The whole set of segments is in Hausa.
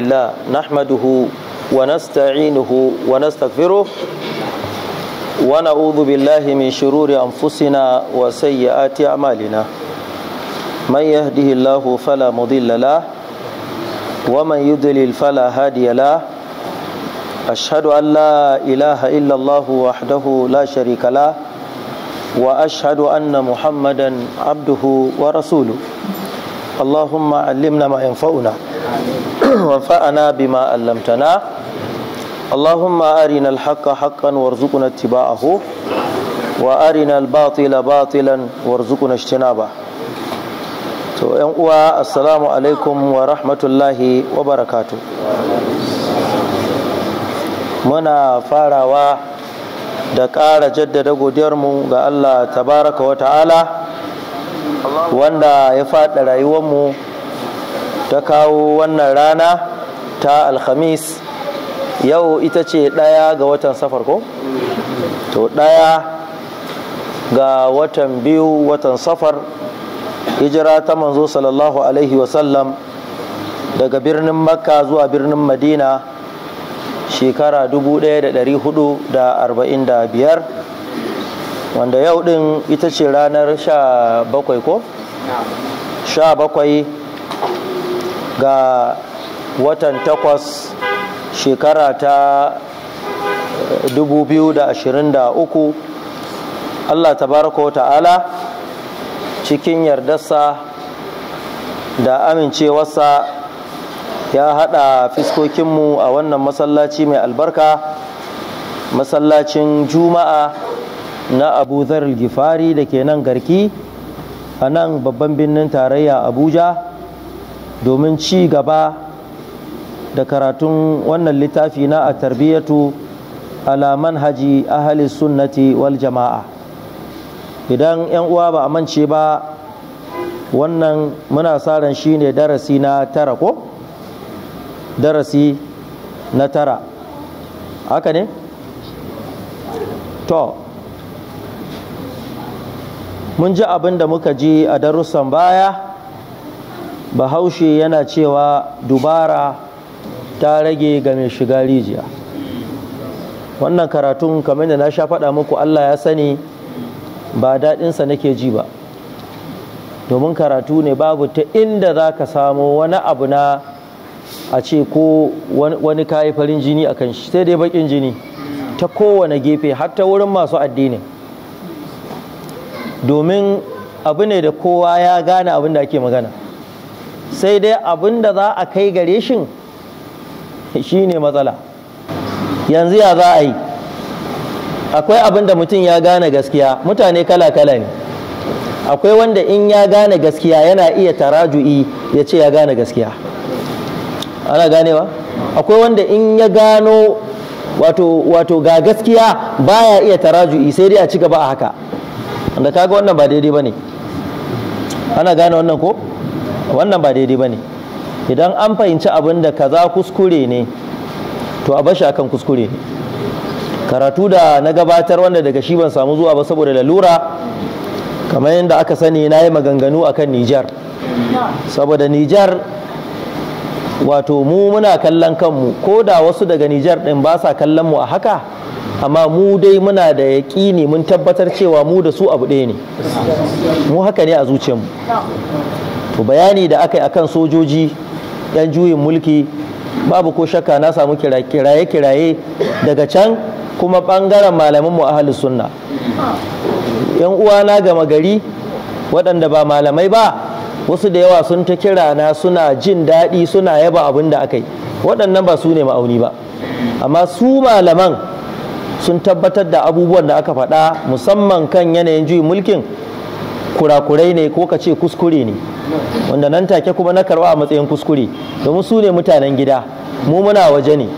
الله نحمده ونستعينه ونستغفره ونعوذ بالله من شرور أنفسنا وسيئات أعمالنا من يهده الله فلا مضل له ومن يضلل فلا هادي له أشهد أن لا إله إلا الله وحده لا شريك له وأشهد أن محمدا عبده ورسوله اللهم علمنا ما ينفعنا وانفعنا بما علمتنا اللهم أرنا الحق حقا وارزقنا اتباعه وأرنا الباطل باطلا وارزقنا اجتنابه to yan uwa assalamu alaikum wa rahmatullahi wa barakatu muna farawa da ƙara jaddada godiyarmu ga allah tabaraka wa ta'ala wanda ya faɗa rayuwarmu ta kawo wannan rana ta alhamis yau ita ce ɗaya ga watan safar ko to ɗaya ga watan biyu watan safar hijira ta manzo sallallahu alaihi wasallam daga birnin makka zuwa birnin madina shekara 1445 wanda yau ɗin ita ce ranar 17 ko? 17 ga watan takwas shekara ta 2023 eh, Allah baraka wa ta'ala cikin yardarsa da amincewarsa ya haɗa fiskokinmu a wannan masallaci mai albarka masallacin juma'a na abu gifari da ke nan garki a nan babban birnin tarayya abuja domin ci gaba da karatun wannan littafi na a tarbiyyatu ala manhaji ahali, sunnati wal jama'a idan 'yan uwa ba a mance ba wannan muna sa ran ne darasi na tara ko darasi na tara haka ne to mun ji abin da muka ji a darussan baya bahaushe yana cewa dubara ta rage ga mai shiga rijiya wannan karatun kamar da na sha faɗa muku allah ya sani ba daɗinsa nake ji ba domin karatu ne babu ta inda za ka samo wani abu na a ce ko wani kayi farin jini a kan shi sai dai bakin jini ta kowane gefe har ta wurin masu addini domin abu ne da kowa ya gane abin da ake magana sai dai abin da za a kai gare shin shi ne matsala yanzu ya za a yi akwai abin da mutum ya gane gaskiya mutane kala-kala ne akwai wanda in ya gane gaskiya yana iya taraju'i ya ce ya gane gaskiya ana ganewa akwai wanda in ya gano wato wato ga gaskiya baya iya taraju'i sai dai a ci gaba a haka wanda kaga wannan ba daidai ba ne ana gane wannan ko wannan ba daidai ba ne idan an fahimci abin da kaza kuskure ne to a bashi akan kuskure ne karatu da na gabatar wanda daga shi ban samu zuwa ba saboda lalura kamar yadda aka sani na yi maganganu akan nijar saboda nijar wato mu muna kallon kanmu ko da wasu daga nijar ɗin ba sa kallon mu a haka amma mu dai muna da yaƙini mun tabbatar cewa mu da su abu ɗaya ne mu haka ne a zuciyarmu to bayani da aka yi akan sojoji yan juyin mulki babu ko shakka na samu kiraye-kiraye daga can kuma ɓangaren malamin mu ahalus sunna yan uwana gama gari waɗanda ba malamai ba wasu da yawa sun ta kira na suna jin daɗi suna yaba abin da aka yi waɗannan ba su ne ma'auni ba amma su malaman sun tabbatar da abubuwan da aka faɗa musamman kan yanayin juyin mulkin kurakurai ne ko ka ce kuskure ne wanda nan take kuma na karɓa a matsayin kuskure domin su ne mutanen gida mu muna waje ne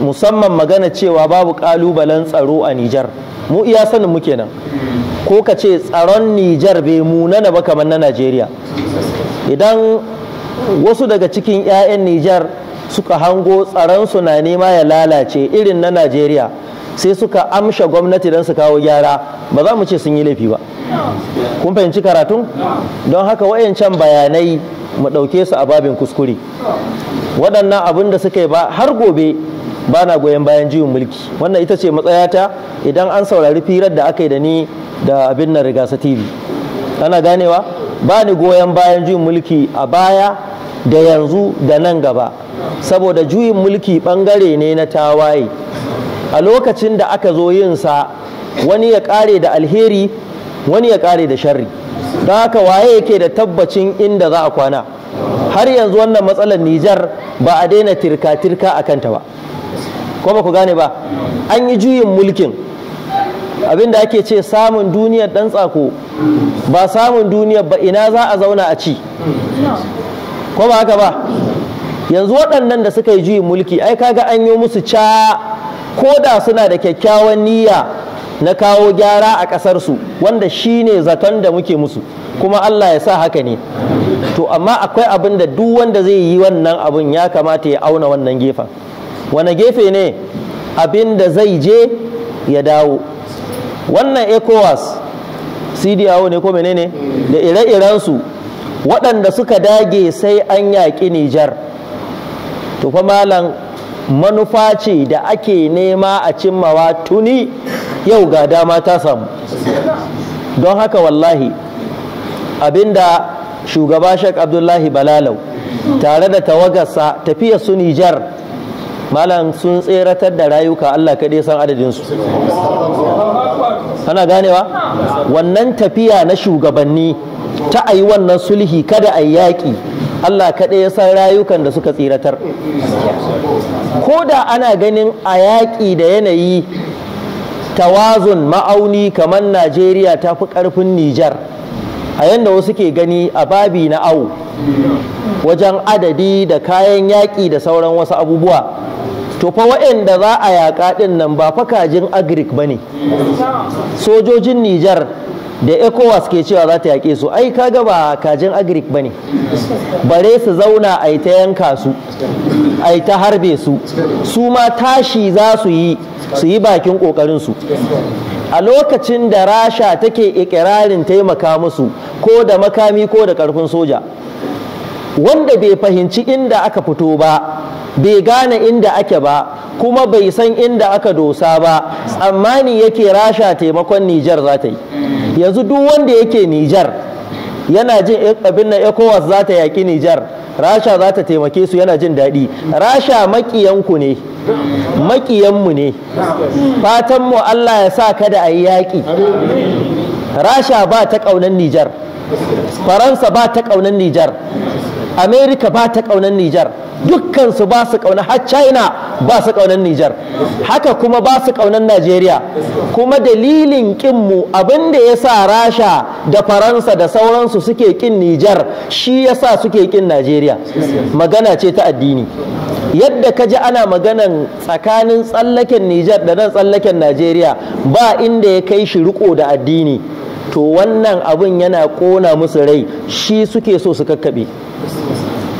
musamman magana cewa babu ƙalubalen tsaro a Nijar mu iya sanin muke nan. ko ka ce tsaron Nijar bai munana ba kamar na Najeriya idan wasu daga cikin 'ya'yan Nijar suka hango tsaron su na nema ya lalace irin na Najeriya sai suka amsha gwamnati don su kawo gyara ba za mu ce sun yi laifi ba kun fahimci karatun don haka wayancan bayanai mu ɗauke su a babin kuskure waɗannan abin da suka yi ba har gobe ba na goyon bayan juyin mulki wannan ita ce matsayata idan an saurari firar da aka yi da ni da abin nan rigasa tv ana ganewa ba ni goyon bayan juyin mulki a baya da yanzu da nan gaba saboda juyin mulki bangare ne na tawaye a lokacin da aka zo yin sa wani ya kare da alheri wani ya ƙare da sharri don haka waye yake da tabbacin inda za a kwana har yanzu wannan matsalar Nijar ba a daina tirka-tirka a kanta ba ko ba ku gane ba an yi juyin mulkin Abin da ake ce samun duniyar ɗan tsako ba samun duniyar ba ina za a zauna a ci ko ba haka ba yanzu waɗannan da suka yi juyin mulki ai kaga an yi musu ca ko da suna da kyakkyawan niyya na kawo gyara a ƙasarsu wanda shi ne zaton da muke musu kuma Allah ya sa haka ne to amma akwai abin da duk wanda zai yi wannan abin ya kamata ya auna wannan gefen wane gefe ne abin da zai je ya dawo wannan ecowas cdo ne ko menene da ire-irensu waɗanda suka dage sai an yaƙi nijar to fa malam manufa ce da ake nema a cimmawa tuni yau ga dama ta samu don haka wallahi abinda shugaba shek abdullahi balalau tare da tawagarsa tafiya su nijar malam sun tseratar da rayuka allah kaɗai san adadinsu kana ganewa wannan tafiya na shugabanni ta a yi wannan sulhi kada a yi yaƙi Allah kaɗai ya san rayukan da suka tsiratar ko da ana ganin a yaƙi da yanayi tawazun ma'auni kamar najeriya ta fi ƙarfin nijar a yadda wasu ke gani a babi na awu wajen adadi da kayan yaƙi da sauran wasu abubuwa to fa waɗanda za a yaƙa ɗin nan ba fa kajin agric ba ne sojojin nijar da ecowas ke cewa za ta yaƙe su ai kaga ba kajin agric ba ne bare su zauna a ta yanka su a ta harbe su su ma tashi za su yi su yi bakin ƙoƙarinsu a lokacin da rasha take ikirarin taimaka musu ko da makami ko da ƙarfin soja wanda bai fahimci inda aka fito ba bai gane inda ake ba kuma bai san inda aka dosa ba tsammani yake rasha taimakon nijar za ta yi yanzu duk wanda yake Nijar yana jin e, abin na ECOWAS za ta yaƙi Nijar Rasha za ta taimake su yana jin daɗi Rasha maƙiyanku ne maƙiyanmu ne fatanmu Allah ya sa kada a yi yaƙi Rasha ba ta ƙaunar Nijar Faransa ba ta ƙaunar Nijar Amerika ba ta ƙaunar nijar dukkansu ba su ƙauna har china ba su ƙaunar nijar haka kuma ba su ƙaunar najeriya kuma dalilin ƙinmu abin da ya sa rasha da faransa da sauransu suke ƙin nijar shi ya sa suke ƙin najeriya magana ce ta addini yadda ka ji ana maganan tsakanin tsallaken nijar da nan tsallaken najeriya ba inda ya kai shi riko da addini to wannan abin yana ƙona musu rai shi suke so su kakkaɓe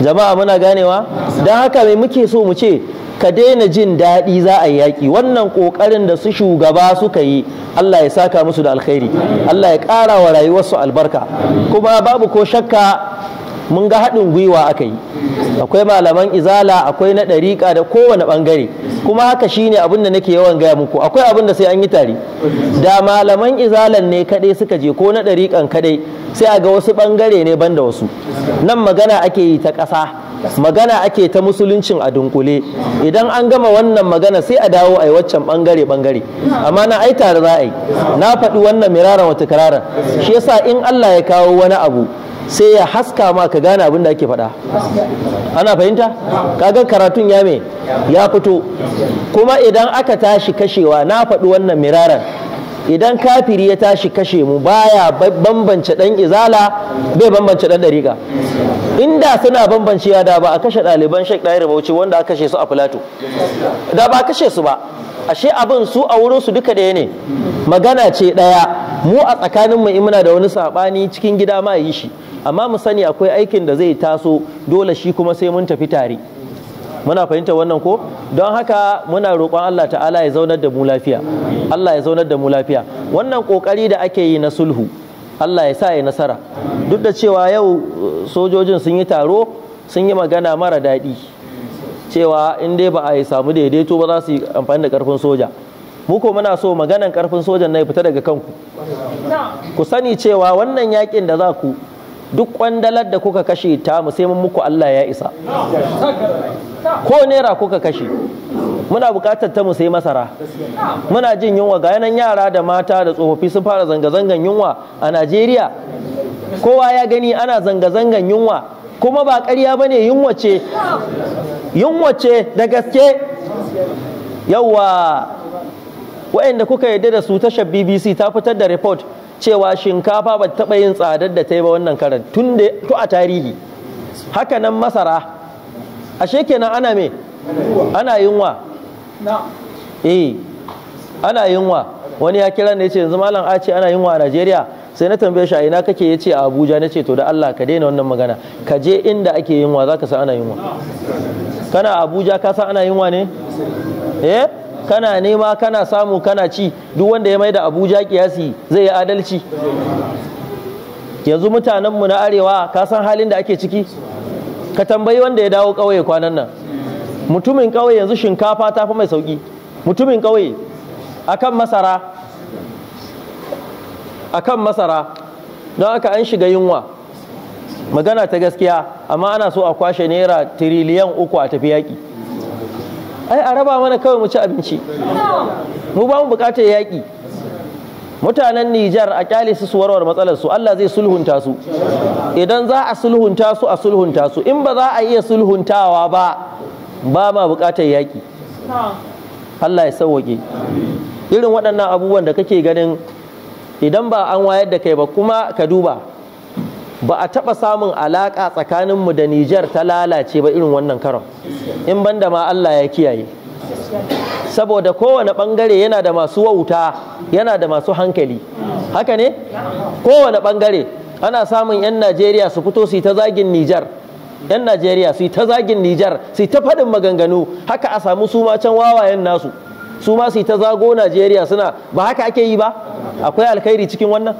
jama'a muna ganewa don haka mai muke so mu ce ka daina jin daɗi za a yi yaƙi wannan ƙoƙarin da su shugaba suka yi Allah ya saka musu da alkhairi Allah ya ƙara wa rayuwarsu albarka kuma babu ko shakka mun ga haɗin gwiwa aka yi akwai malaman izala akwai na ɗariƙa da kowane ɓangare kuma haka shine abin da nake yawan gaya muku akwai abin da sai an yi tari. da malaman izalan ne kaɗai suka je ko na ɗariƙan kaɗai sai a ga wasu ɓangare ne banda wasu nan magana ake yi ta ƙasa magana ake ta musuluncin a dunkule idan an gama wannan magana sai a dawo a yi waccan bangare bangare amma na ai tare za yi na faɗi wannan miraran wata kararan shi yasa in Allah ya kawo wani abu sai ya haska ma ka gane abin da ake faɗa ana fahimta kaga karatun ya me ya fito kuma idan aka tashi kashewa na faɗi wannan miraran idan kafiri ya tashi kashe mu baya bambance dan izala bai bambance dan dariƙa inda suna bambancewa da ba a kashe ɗaliban shek ɗaya bauchi wanda aka kashe su a filato da ba a kashe su ba ashe abin su a wurin su duka ɗaya ne magana ce ɗaya mu a tsakaninmu in muna da wani saɓani cikin gida ma yi shi amma mu sani akwai aikin da zai taso dole shi kuma sai mun tafi tare muna fahimta wannan ko don haka muna roƙon Allah ta'ala ya zaunar da mu lafiya Allah ya zaunar da mu lafiya wannan kokari da ake yi na sulhu Allah ya sa ya nasara duk da cewa yau uh, sojojin sun yi taro sun yi magana mara daɗi cewa in dai ba a yi samu daidaito ba za su yi amfani da karfin soja mu ko muna so maganan karfin sojan na ya fita daga kanku ku sani cewa wannan yakin da za ku duk kwandalar da kuka kashe ta mu sai muku Allah ya isa ko naira kuka kashe muna bukatar ta mu sai masara muna jin yunwa ga yanan yara da mata da tsofaffi sun fara zanga-zangan yunwa a Najeriya kowa ya gani ana zanga-zangan yunwa kuma ba karya ba ne yunwa ce da gaske yawa waɗanda kuka yarda da su tashar bbc ta fitar da report cewa shinkafa ba taɓa yin tsadar da ta yi ba wannan karan tun da to a tarihi haka nan masara ashe kenan ana me ana yunwa eh ana yunwa wani ya kira ne ce yanzu malam a ce ana yunwa a Najeriya sai na tambaye shi a ina kake yace a Abuja na ce to da Allah ka daina wannan magana ka je inda ake yunwa ka san ana yunwa kana Abuja ka san ana yunwa ne eh kana nema kana samu kana ci duk wanda ya mai da abuja kiyasi zai yi adalci yanzu mutanenmu na arewa ka san halin da ake ciki ka tambayi wanda ya dawo ƙauye kwanan nan mutumin kauye yanzu shinkafa ta fi mai sauƙi mutumin kauye akan masara akan masara don aka an shiga yunwa magana ta gaskiya amma ana so a kwashe naira tiriliyan uku a tafi yaƙi ai a raba mana kawai mu ci abinci mu ba mu bukatar yaƙi mutanen Nijar a kyale su warware matsalar su Allah zai sulhunta su idan za a sulhunta su a sulhunta su in ba za a iya sulhuntawa ba ba ma bukatar yaƙi Allah ya sauwaƙe irin waɗannan abubuwan da kake ganin idan ba an wayar da kai ba kuma ka duba ba a taɓa samun alaƙa tsakaninmu da Nijar ta lalace ba irin wannan karon in banda ma Allah ya kiyaye saboda kowane ɓangare yana da masu wauta yana da masu hankali haka ne kowane ɓangare ana samun 'yan Najeriya su fito su yi ta zagin Nijar 'yan Najeriya su yi ta zagin Nijar su yi ta faɗin maganganu haka a samu su can wawayen nasu su ma su yi ta zago Najeriya suna ba haka ake yi ba akwai alkhairi cikin wannan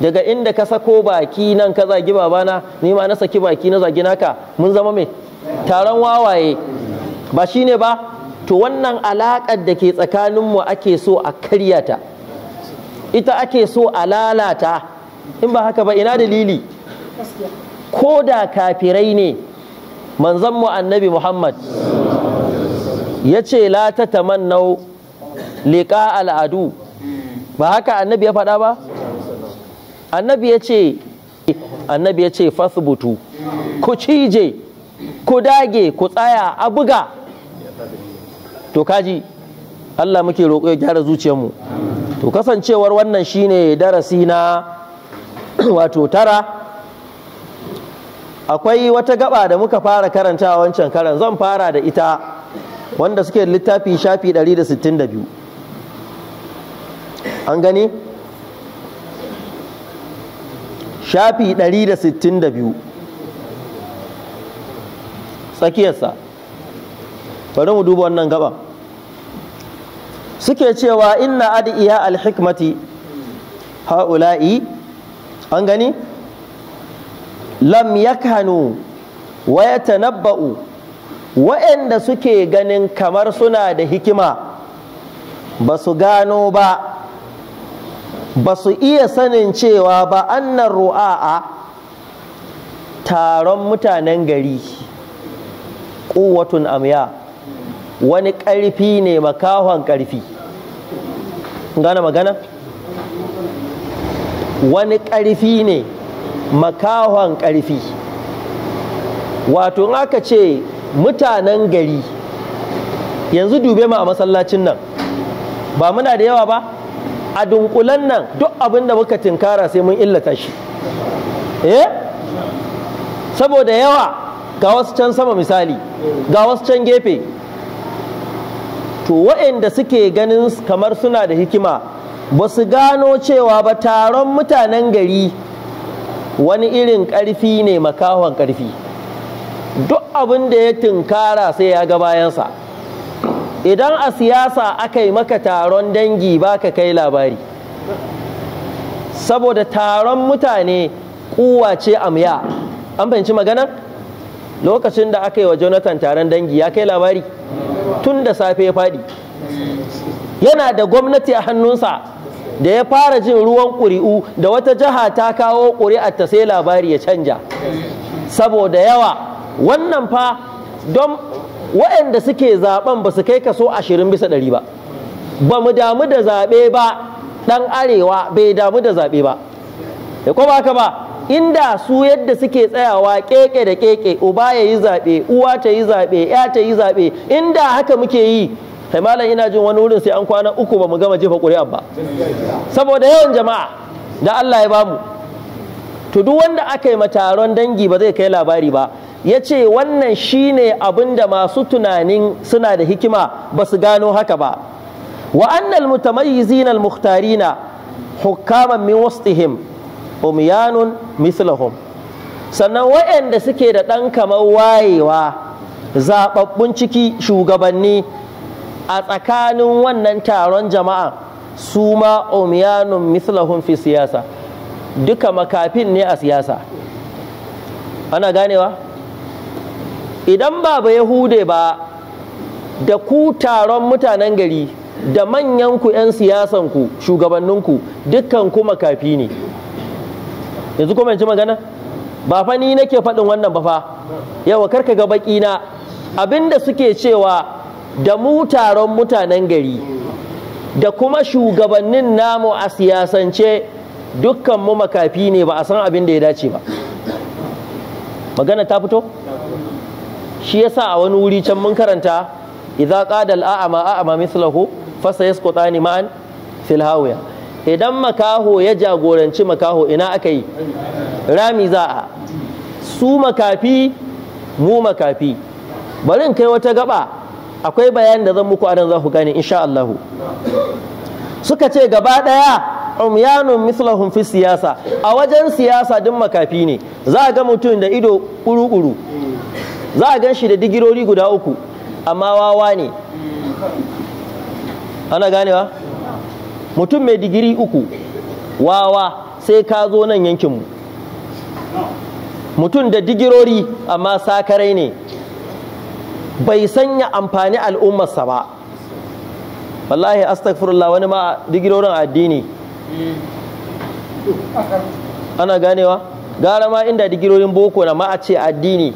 daga inda ka sako baki nan ka zagi babana ni ma na saki baki na zagi naka mun zama me taron wawaye ba shine ba to wannan alaƙar da ke tsakanin mu ake so a karyata ita ake so a lalata in ba haka ba ina dalili ko da kafirai ne mu annabi muhammad ya ce la ta tamannau liƙa al'adu ba haka annabi ya faɗa ba annabi ya ce annabi ya ce fasbutu ku cije ku dage ku tsaya a buga to kaji Allah muke roƙo ya gyara zuciyarmu to kasancewar wannan shine darasi na wato tara akwai wata gaba da muka fara karanta wancan karan zan fara da ita wanda suke littafi shafi 162 an gani shafi 162 tsakiyarsa bari mu duba wannan gaba suke cewa inna adiya alhikmati ha'ula'i an gani lam yakhanu wa yatanabba'u wa'anda suke ganin kamar suna da hikima ba su gano ba ba su iya sanin cewa ba annan ru'a'a taron mutanen gari ƙuwatun amya wani ƙarfi ne makahon ƙarfi gana magana wani ƙarfi ne makahon ƙarfi wato aka ce mutanen gari yanzu dube ma a masallacin nan ba muna da yawa ba a dunkulan nan duk abin da muka tinkara sai mun illata shi eh saboda yawa ga wasu can sama misali ga wasu can gefe to wa'inda suke ganin kamar suna da hikima ba su gano cewa ba taron mutanen gari wani irin ƙarfi ne makahon ƙarfi duk abin da ya tinkara sai ya ga bayansa idan a siyasa aka yi maka taron dangi baka kai labari saboda taron mutane kuwa ce amya an fahimci magana lokacin da aka yi wa jonathan taron dangi ya kai labari tun da safe ya faɗi yana da gwamnati a hannunsa da ya fara jin ruwan ƙuri'u da wata jiha ta kawo ta sai labari ya canja saboda yawa wannan fa don waɗanda suke zaben ba su kai kaso ashirin bisa ɗari ba ba mu damu da zaɓe ba ɗan arewa bai damu da zaɓe ba da eh, kuma haka ba inda su yadda suke tsayawa keke da keke uba ya yi zaɓe uwa ta yi zaɓe ya ta yi zaɓe inda haka muke yi kai malam ina jin wani wurin sai an kwana uku ba mu gama jefa ƙuri'an ba saboda yawan jama'a da Allah ya bamu to duk wanda aka yi ma taron dangi ba zai kai labari ba ya ce wannan shine abin da masu tunanin suna da hikima ba su gano haka ba wa annal mutamayyizin al hukaman min wastihim umyanun mislahum sannan waɗanda suke da ɗan kamar wayewa zaɓaɓɓun ciki shugabanni a tsakanin wannan taron jama'a su ma umyanun mislahum fi siyasa duka makafin ne a siyasa ana ganewa idan ba ba yahude ba da ku taron mutanen gari da manyan ku 'yan siyasan siyasanku shugabanninku dukkan kuma kafi ne yanzu kuma ci magana ba fa ni nake faɗin wannan ba fa yawa ka ga baki abinda suke cewa da mu taron mutanen gari da kuma shugabannin namu a siyasance dukkan mu makafi ne ba a san abin da ya dace ba magana ta fito shi yasa a wani wuri can mun karanta idza qada al a'ama a'ama mislahu fa sayasqutani ma'an fil hawiya idan makaho ya jagoranci makaho ina aka yi rami za a su makafi mu makafi bari in kai wata gaba akwai bayanin da zan muku nan za ku gane insha Allah suka ce gaba daya umyanun mislahum fi siyasa a wajen siyasa din makafi ne za a ga mutum da ido kuru-kuru za a gan shi da digirori guda uku amma wawa ne ana ganewa mutum mai digiri uku wawa sai ka zo nan yankinmu mutum da digirori amma sakarai ne bai sanya amfani al'ummarsa ba wallahi astagfirullah wani ma digirorin addini ana ganewa gara ma inda digirorin boko na ma a ce addini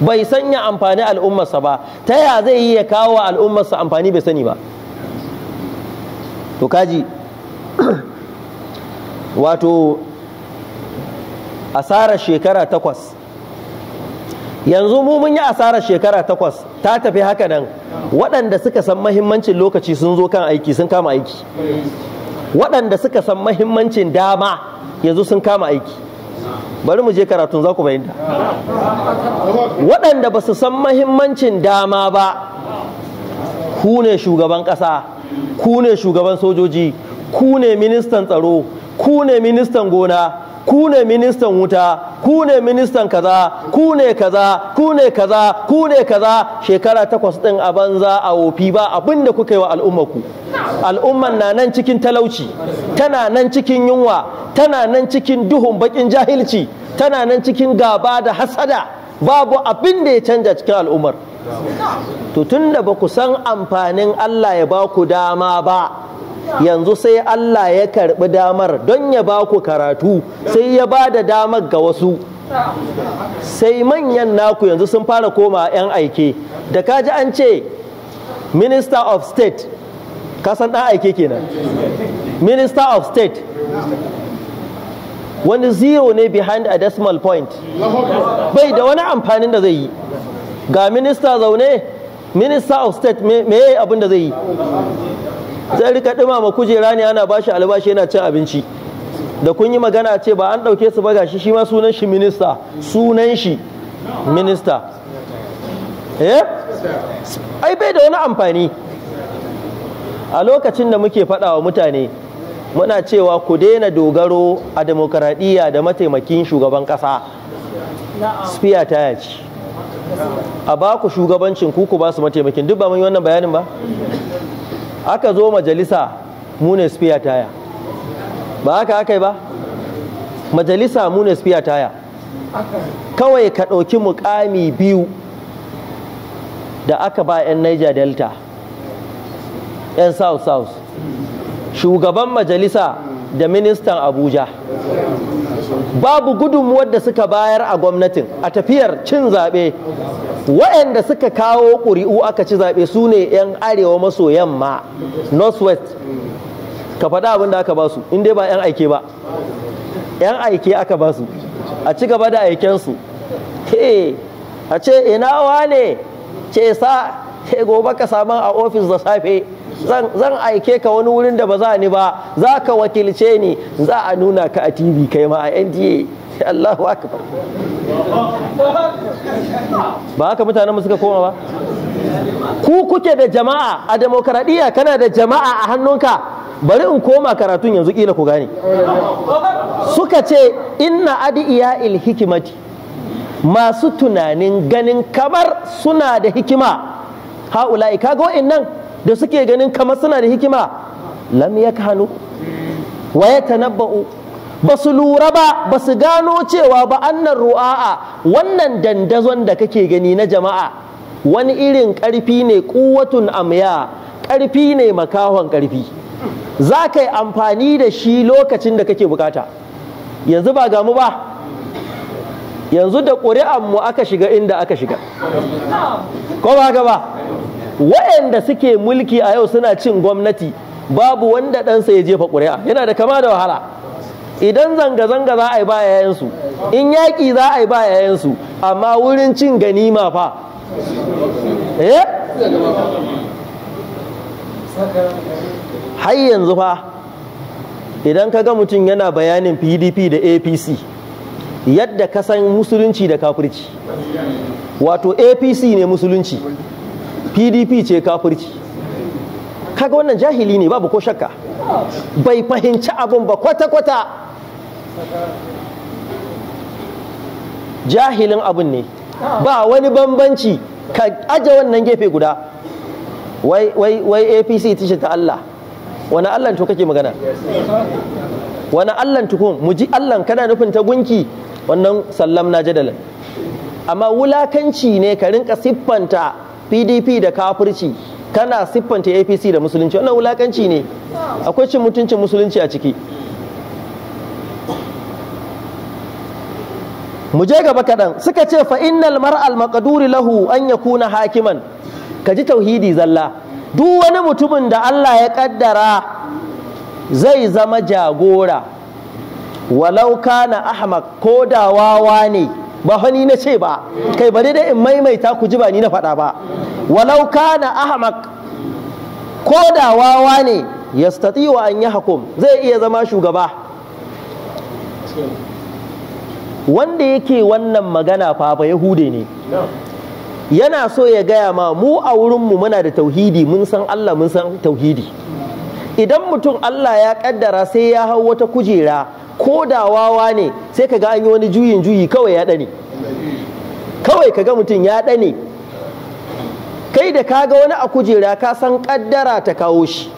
bai sanya amfani al'ummarsa ba ta ya zai yi ya kawo al'ummarsa amfani bai sani ba to kaji wato asarar shekara takwas yanzu mu mun yi asarar shekara takwas ta tafi haka nan waɗanda suka san mahimmancin lokaci sun zo kan aiki sun kama aiki waɗanda suka san mahimmancin dama yanzu sun kama aiki bari mu je karatun za ku fahimta waɗanda ba su san mahimmancin dama ba ku ne shugaban ƙasa ku ne shugaban sojoji ku ne ministan tsaro ku ne ministan gona ku ne ministan wuta ku ne ministan kaza ku ne kaza ku ne kaza ku ne kaza shekara takwas din a banza a wofi ba abin kuka yi wa al'ummarku Al'ummar na nan cikin talauci tana nan cikin yunwa tana nan cikin duhun bakin jahilci tana nan cikin gaba da hasada babu abinda ya canja cikin al'ummar to tunda ba ku san amfanin Allah ya ba ku dama ba yanzu sai Allah ya karɓi damar don ya ba ku karatu sai ya ba da damar ga wasu sai manyan naku yanzu sun fara koma 'yan aike da kaji an ce minister of state kasan ɗan aike kenan minister of state wani zero ne behind a decimal point bai da wani amfanin da zai yi ga minista zaune minister of state me abin da zai yi zai rika ɗumama kujera ne ana bashi albashi yana cin abinci da kun yi magana ce ba an ɗauke su ba gashi shi ma sunan shi minista sunan shi minista eh ai bai da wani amfani a lokacin da muke faɗa wa mutane muna cewa ku daina dogaro a demokaradiyya da mataimakin shugaban ƙasa spiya ta yaci a ba ku shugabancin ku ku ba su mataimakin duk ba mun yi wannan bayanin ba aka zo majalisa mu ne spiya taya ba aka aka yi ba majalisa mu ne spiya taya kawai ka ɗauki mukami biyu da aka ba 'yan niger delta 'yan south south shugaban majalisa da ministan abuja babu gudunmuwar da suka bayar a gwamnatin a tafiyar cin zaɓe waɗanda suka kawo ƙuri'u aka ci zaɓe su ne 'yan arewa maso yamma northwest ka faɗa abin da aka ba su in dai ba 'yan aike ba 'yan aike aka ba su a ci gaba da aikensu a ce ina ne? ce sa gobe ka saman a ofis da safe zan aike ka wani wurin da ba za ni ba za ka wakilce ni za a nuna ka a tv kai ma a nda allahu akbar ba haka mutanen mu suka koma ba ku kuke da jama'a a demokradiyya kana da jama'a a hannunka bari in koma karatun yanzu kila ku gane suka ce inna adiya il hikimati masu tunanin ganin kamar suna da hikima ha'ula'i kaga nan da suke ganin kamar suna da hikima lam yakhanu wa tanabba'u ba su lura ba ba su gano cewa ba annan ru'a'a wannan dandazon da kake gani na jama'a wani irin ƙarfi ne kuwatun amya ƙarfi ne makahon ƙarfi za ka yi amfani da shi lokacin da kake bukata yanzu ba gamu ba yanzu da ƙuri'anmu aka shiga inda aka shiga ko ba ka ba waɗanda suke mulki a yau suna cin gwamnati babu wanda ɗansa ya jefa ƙuri'a yana da kama da wahala idan zanga-zanga za a yi ba yayansu in yaƙi za a yi ba yayansu amma wurin cin ganima fa eh? har yanzu fa idan ka ga mutum yana bayanin pdp da apc yadda ka san musulunci da kafirci wato apc ne musulunci pdp ce kafirci kaga wannan jahili ne babu ko shakka bai fahimci abin ba kwata-kwata jahilin abin ne ba wani bambanci ka aje wannan gefe guda wai apc ta ta allah wani allah to kake magana wani allah tukun mu ji allah kana nufin ta gunki wannan sallam na jadalin amma wulakanci ne ka rinka siffanta pdp da kafirci kana siffanta apc da musulunci wannan wulakanci ne akwai cin mutuncin musulunci a ciki mu je gaba kaɗan suka ce fa innal mar'al maqduri lahu an yakuna hakiman ka ji tauhidi zalla duk wani mutumin da Allah ya ƙaddara zai zama jagora walau kana Ahmad, ko da wawa ne ba fa na ce ba kai bari dai in maimaita ku ji ba ni na faɗa ba walau kana ahmak ko da wawa ne yastati an yi hakum zai iya zama shugaba wanda yake wannan magana fa ba yahude ne yana so ya gaya ma mu a wurinmu muna da tauhidi mun san Allah mun san tauhidi idan mutum Allah ya kaddara sai ya hau wata kujera ko da wawa ne sai ka ga an yi wani juyin juyi kawai ya ɗane kawai ka ga mutum ya ɗane kai da ka ga wani a kujera ka san ƙaddara ta kawo shi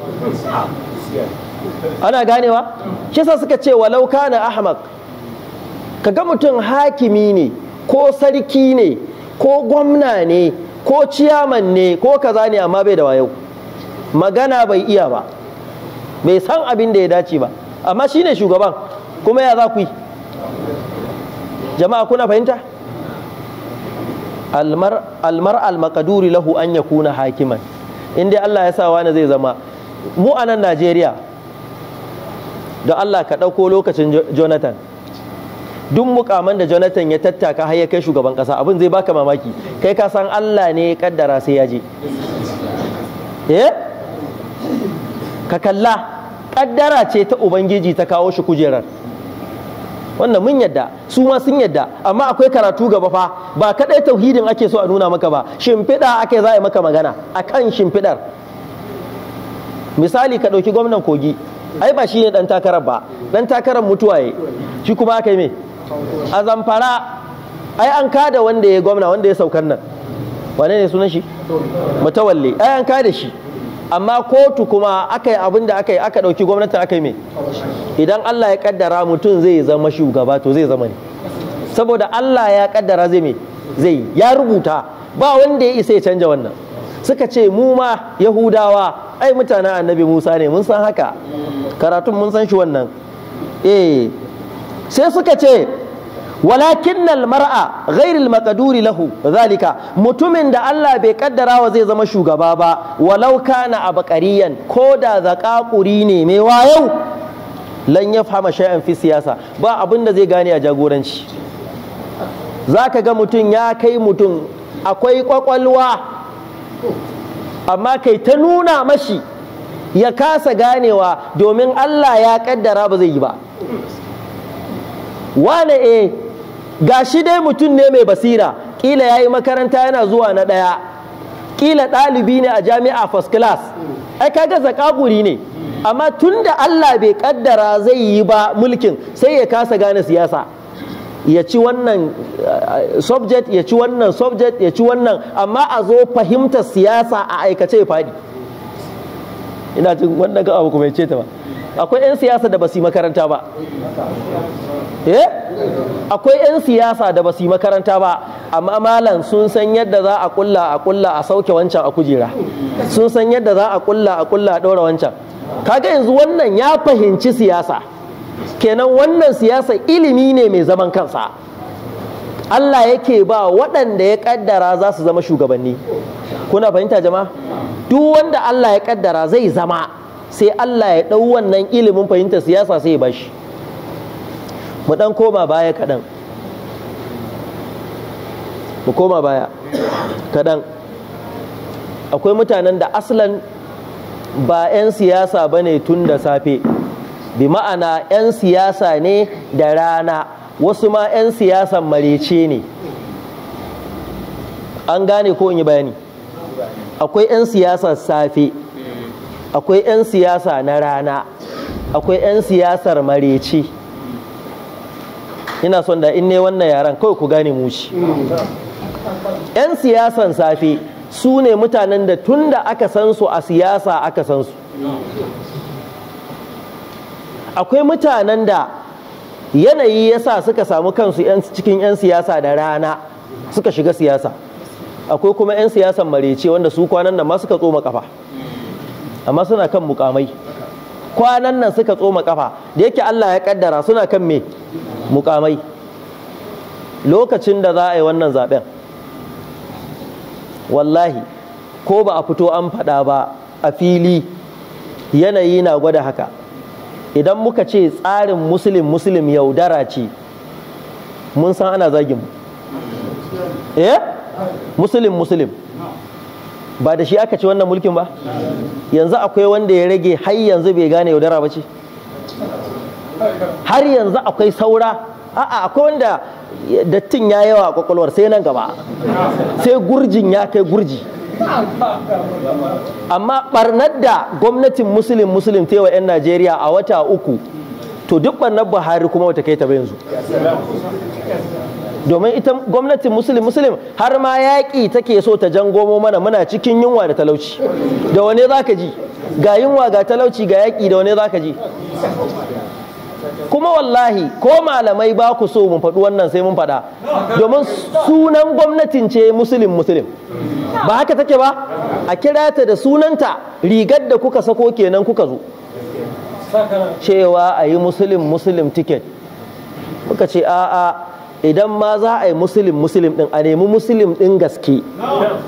ana ganewa kisa suka ce walau kana Ahmad. ka ga mutum hakimi ne ko sarki ne ko gwamna ne ko ciyaman ne ko kaza ne amma bai da wayo magana bai iya ba bai san abin da ya dace ba amma shine shugaban kuma ya za ku yi jama'a kuna fahimta almar almakaduri lahu an ya kuna hakiman inda Allah ya sa wani zai zama mu a nan Najeriya da Allah ka ɗauko lokacin Jonathan duk mukaman da Jonathan ya tattaka har ya kai shugaban ƙasa abin zai baka mamaki kai ka san Allah ne ya kaddara sai ya je eh? ka kalla Ƙaddara ce ta ubangiji ta kawo shi kujerar wannan mun yadda su ma sun yadda amma akwai karatu gaba fa ba kadai tauhidin ake so a nuna maka ba shimfiɗa ake za a maka magana akan shimfiɗar misali ka ɗauki gwamnan kogi ai ba shi ne ɗan takarar ba ɗan takarar mutuwa ya shi kuma aka yi me a zamfara ai an kada wanda ya gwamna wanda ya saukar nan wane ne sunan shi Mutawalle. ai an kada shi amma kotu kuma aka yi abin da aka yi aka ɗauki gwamnati aka yi mai idan Allah ya kaddara mutum zai zama shugaba to zai zama ne saboda Allah ya kaddara zai mai zai ya rubuta ba wanda ya isa ya canja wannan suka ce mu ma yahudawa ai mutanen annabi musa ne mun san haka karatun mun san shi wannan eh sai suka ce walakin mar'a ghairil makaduri lahu zalika mutumin da Allah bai kaddara wa zai zama shugaba ba walau kana abqariyan ko da zakakuri ne mai wayau lan fama shay'an fi siyasa ba abin da zai gane a jagoranci zaka ga mutum ya kai mutum akwai kwakwalwa amma kai ta nuna mashi ya kasa ganewa domin Allah ya kaddara ba zai yi ba wane eh Ga shi dai mutum ne mai basira kila yi makaranta yana zuwa na ɗaya Ƙila ɗalibi ne a jami'a first class ai kaga zakaburi ne amma tunda Allah bai ƙaddara zai yi ba mulkin sai ya kasa gane siyasa ya ci wannan eh, subject ya ci wannan subject ya ci wannan amma a zo fahimtar siyasa a aikace fadi ina jin wannan ga abu kuma ya ce ta ba akwai 'yan siyasa da basu makaranta ba eh akwai 'yan siyasa da basu makaranta ba amma malam sun san yadda za a kulla a kulla a sauke wancan a kujera sun san yadda za a kulla a kulla a ɗora wancan kaga yanzu wannan ya fahimci siyasa kenan wannan siyasa ilimi ne mai zaman kansa Allah yake ba waɗanda ya ƙaddara za su zama shugabanni kuna fahimta jama'a duk wanda Allah ya ƙaddara zai zama sai Allah ya ɗau wannan ilimin fahimtar siyasa sai ya bashi mu ɗan koma baya kaɗan mu koma baya kaɗan akwai mutanen da asalan ba 'yan siyasa ba ne tun da safe bi ma'ana 'yan siyasa ne da rana wasu ma 'yan siyasan marece ne an gane ko in yi bayani akwai 'yan siyasar safe akwai 'yan siyasa na rana akwai 'yan siyasar mareci ina son da in ne wannan yaran kawai ku gane mushi 'yan siyasan safe su ne mutanen da tun da aka san su a siyasa aka san su akwai mutanen da yanayi ya sa suka samu kansu cikin 'yan siyasa da rana suka shiga siyasa akwai kuma 'yan siyasan marece wanda su kwanan da ma suka tsoma kafa amma suna kan mukamai kwanan nan suka tsoma kafa da yake Allah ya kaddara suna kan me mukamai lokacin da za a yi wannan zaben wallahi ko ba a fito an faɗa ba a fili yanayi na gwada haka idan muka ce tsarin musulun musulun yaudara ce mun san ana zagin eh musulun musulun ba da shi aka ci wannan mulkin ba yanzu akwai wanda ya rage har yanzu bai gane yaudara ba ce har yanzu akwai saura a'a akwai wanda dattin ya yawa a kwakwalwar sai nan gaba sai gurjin ya kai gurji amma barnar da gwamnatin musulun musulun ta 'yan najeriya a wata uku to duk barnar buhari kuma wata kai ta yanzu domin ita gwamnatin musulun musulun har ma yaƙi take so ta jangomo mana muna cikin yunwa da talauci da wane za ka ji ga yunwa ga talauci ga yaƙi da wane za ka ji kuma wallahi ko malamai ba ku so mun faɗi wannan sai mun faɗa domin sunan gwamnatin ce musulun musulun ba haka take ba a kira ta da sunanta rigar da kuka sako kenan kuka zo cewa a yi musulun musulun tiket muka ce a'a idan ma za a yi musulun musulun din a nemi musulun din gaske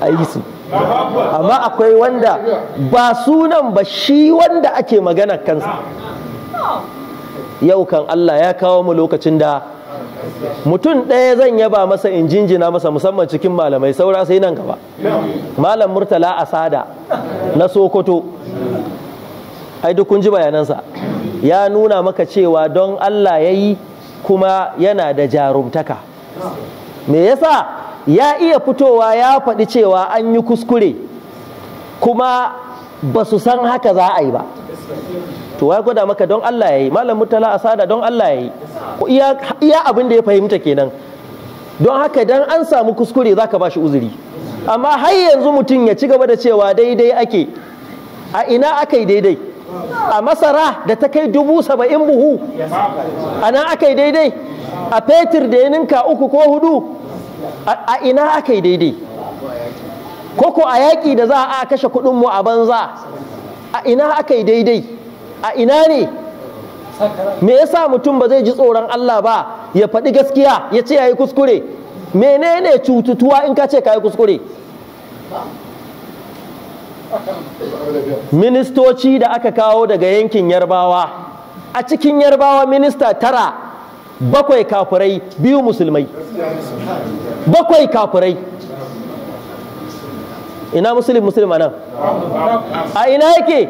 a yi su amma akwai wanda ba sunan ba shi wanda ake magana kansa yau kan Allah ya kawo mu lokacin da mutum ɗaya zan yaba masa in jinjina masa musamman cikin malamai saura sai nan gaba malam murtala a sada na sokoto ai duk kun ji bayanansa ya nuna maka cewa don Allah ya yi kuma yana da jarumtaka me yasa ya iya fitowa ya faɗi cewa an yi kuskure kuma ba su san haka za a yi ba to wai gwada maka don Allah ya yi malam mutala asada don Allah ya yi iya abin da ya fahimta kenan don haka dan an samu kuskure za ka ba shi uzuri amma har yanzu mutum ya ci gaba da cewa daidai ake a ina aka yi daidai a masara da ta kai dubu saba'in buhu a nan aka yi daidai a fetur da ya ninka uku ko hudu a ina aka yi daidai koko a yaƙi da za a kashe kuɗinmu a banza a ina aka yi daidai a ina ne me yasa mutum ba zai ji tsoron Allah ba ya faɗi gaskiya ya ce ya yi kuskure menene cututuwa in ka ce ka yi kuskure ministoci da aka kawo daga yankin yarbawa a cikin yarbawa minista tara bakwai kafurai biyu musulmai bakwai kafurai ina musulun musulma nan a ina yake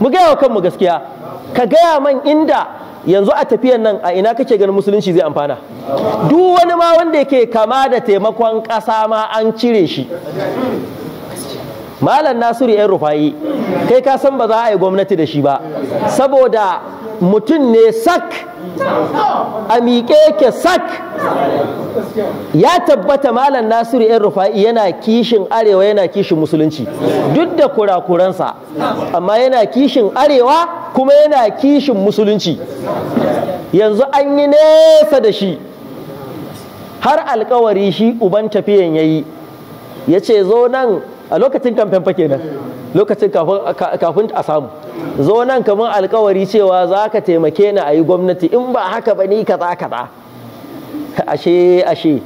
mu gaya wa kanmu gaskiya ka gaya man inda yanzu a tafiyan nan a ina kake ganin musulunci zai amfana duk wani ma wanda yake kama da taimakon ƙasa ma an cire shi malam nasiru yan rufayi kai ka san ba za a yi gwamnati da shi ba saboda mutum ne sak a miƙe yake sak ya tabbata malam nasiru yan rufa'i yana kishin arewa yana kishin musulunci duk da kurakuransa amma yana kishin arewa kuma yana kishin musulunci yanzu an yi nesa da shi har alkawari shi uban tafiyan ya yi ya ce zo nan a lokacin kamfen fa kenan lokacin kafin a samu zo nan kamar alkawari cewa za ka taimake ni a yi gwamnati in ba haka ba ni kaza kaza ashe ashe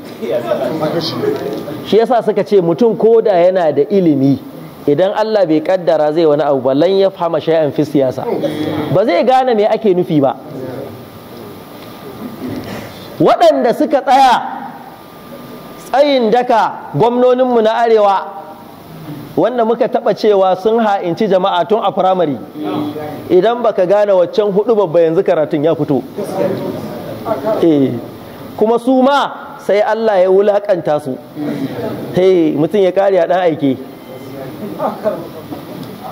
shi yasa suka ce mutum ko da yana da ilimi idan Allah bai kaddara zai wani abu ba lan ya shay'an fi siyasa ba zai gane me ake nufi ba waɗanda suka tsaya tsayin daka gwamnoninmu na arewa wanda muka taba cewa sun ha'inci jama'a tun a firamare idan baka gane waccan hudu babba yanzu karatun ya fito eh, kuma su ma sai Allah ya wulakanta su hey mutum ya kare a dan aike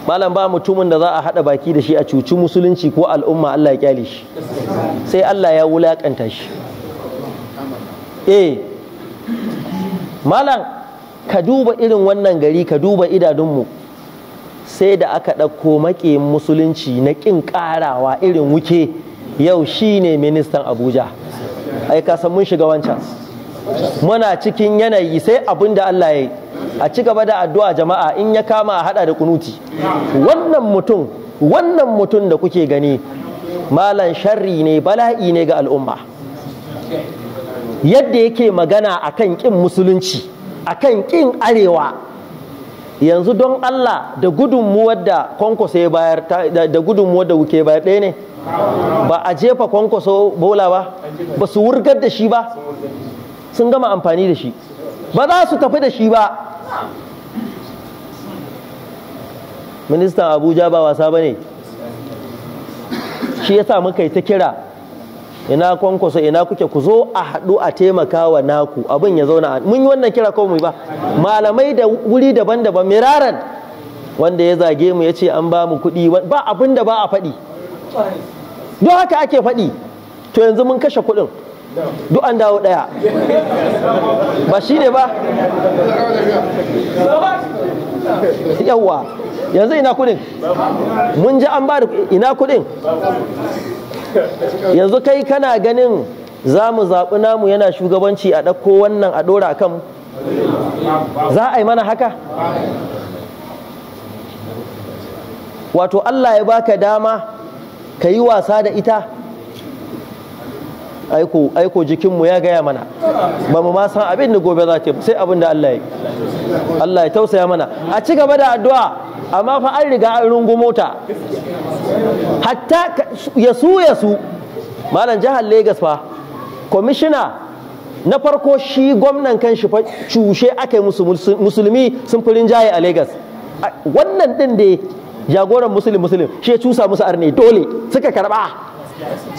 malam ba mutumin da za a haɗa baki da shi a cuci musulunci ko al'umma Allah ya kyale shi sai Allah ya wulakanta shi eh malam ka duba irin wannan gari ka duba idanunmu sai da aka ɗauko maƙe musulunci na ƙin ƙarawa irin wuke yau shi ne ministan abuja ai ka san mun shiga wancan muna cikin yanayi sai abin da allah ya yi a ci gaba da addu'a jama'a in ya kama a hada da kunuti wannan mutum wannan mutum da kuke gani malan sharri ne bala'i ne ga al'umma yadda yake magana a kan ƙin musulunci akan kin arewa yanzu don Allah da gudunmuwar da kwankwaso ya bayar da gudunmuwar da wuke bayar ɗaya ne ba a jefa kwankwaso bola ba ba su wurgar da shi ba sun gama amfani da shi ba za su tafi da shi ba ministan abuja ba wasa ba ne shi ya sa muka yi ta kira ina kwankwaso ina kuke ku zo a haɗu a taimaka wa naku abin ya zauna mun yi wannan kira ko mu ba malamai da wuri daban-daban miraran wanda ya zage mu ya ce an ba mu kuɗi ba abin da ba a faɗi don haka ake faɗi to yanzu mun kashe kuɗin duk an dawo ɗaya ba shi ne ba yawa yanzu ina kuɗin mun ji an ba ina kuɗin yanzu kai kana ganin za mu zaɓi namu yana shugabanci a ɗauko wannan a ɗora kan za a yi mana haka wato Allah ya baka dama ka yi wasa da ita aiko jikinmu ya gaya mana ba mu ma san abin da gobe za ta sai abin da Allah ya Allah ya tausaya mana a ci gaba da addu'a amma fa an riga an rungu mota. hatta ya su ya su malam jihar Legas fa kwamishina na farko shi gwamnan kan shi cushe aka yi musulmi sun fi rinjaye a Legas wannan din da jagoran musulmi musulmi shi ya cusa musu arne dole suka karba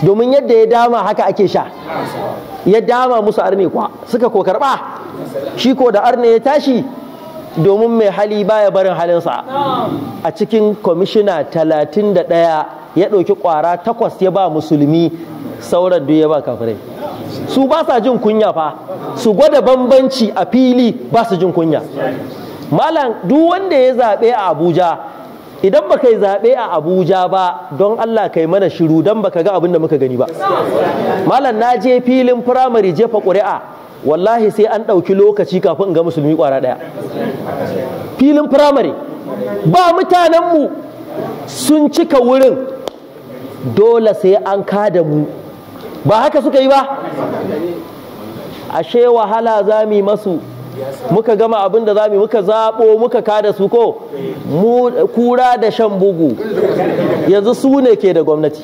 domin yadda ya dama haka ake sha ya dama musu arne kuwa suka ko karba shi ko da arne ya tashi domin mai hali baya barin halinsa a cikin kwamishina talatin da ɗaya ya ɗauki ƙwara takwas ya ba musulmi sauran duk ya ba kafirai su ba sa jin kunya fa su gwada bambanci a fili ba su jin kunya malam duk wanda ya zaɓe a abuja idan ba kai zaɓe a abuja ba don allah kai mana shiru don ba ka ga abin da muka gani ba malam na je filin firamare jefa ƙuri'a wallahi sai an ɗauki lokaci kafin in ga musulmi ƙwara ɗaya filin firamare ba mutanenmu sun cika wurin dole sai an kada mu ba haka suka yi ba ashe wahala za mu yi masu muka gama abin da zamu muka zaɓo muka kada su ko mu kura da shan bugu yanzu su ne ke da gwamnati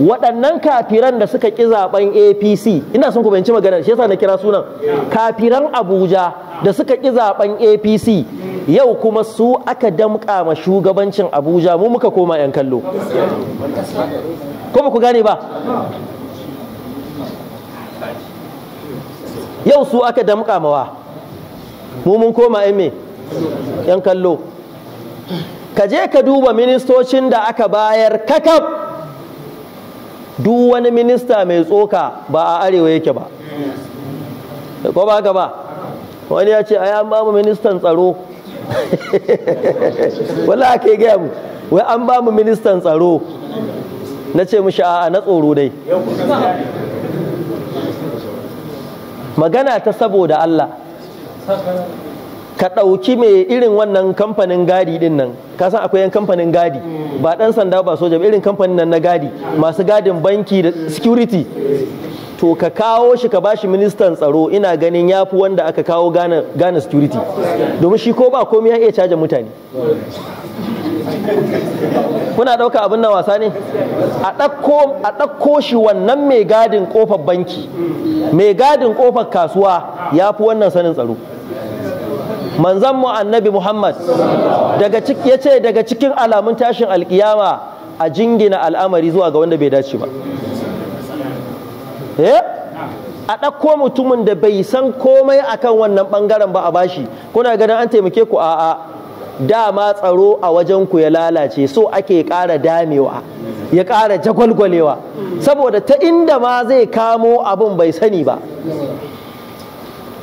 waɗannan kafiran da suka ki zaben apc ina son ku bayanci magana shi yasa na kira sunan kafiran abuja da suka ki zaben apc yau kuma su aka damƙa ma shugabancin abuja mu muka koma 'yan kallo ko ba ku gane ba yau su aka damƙa mawa mu mun koma yan me yan kallo ka je ka duba ministocin da aka bayar kakaf duk wani minista mai tsoka ba a arewa yake ba ko ba ka ba wani ya ce ai an ba mu ministan tsaro wala ake gaya mu wai an ba mu ministan tsaro na ce mushi a'a na tsoro dai magana ta saboda Allah ka ɗauki mai irin wannan kamfanin gadi din nan ka san akwai yan kamfanin gadi ba ɗan sanda ba soja ba irin kamfanin nan na gadi masu gadin banki da security to ka kawo shi ka bashi ministan tsaro ina ganin ya fi wanda aka kawo Ghana security domin shi ko ba komai ya iya caja mutane kuna ɗauka abin na wasa ne a ɗakko shi wannan mai gadin ƙofar banki mai gadin ƙofar kasuwa ya fi wannan sanin tsaro manzan mu annabi muhammad ya ce daga cikin alamun tashin alkiyama a jingina al'amari zuwa ga wanda bai dace ba Eh? a ɗakko mutumin da bai san komai akan wannan ɓangaren ba a bashi kuna ganin an taimake ku a'a dama tsaro a wajen ku ya lalace so ake ƙara damewa ya ƙara jagwalgwalewa saboda ta inda ma zai kamo abin bai sani ba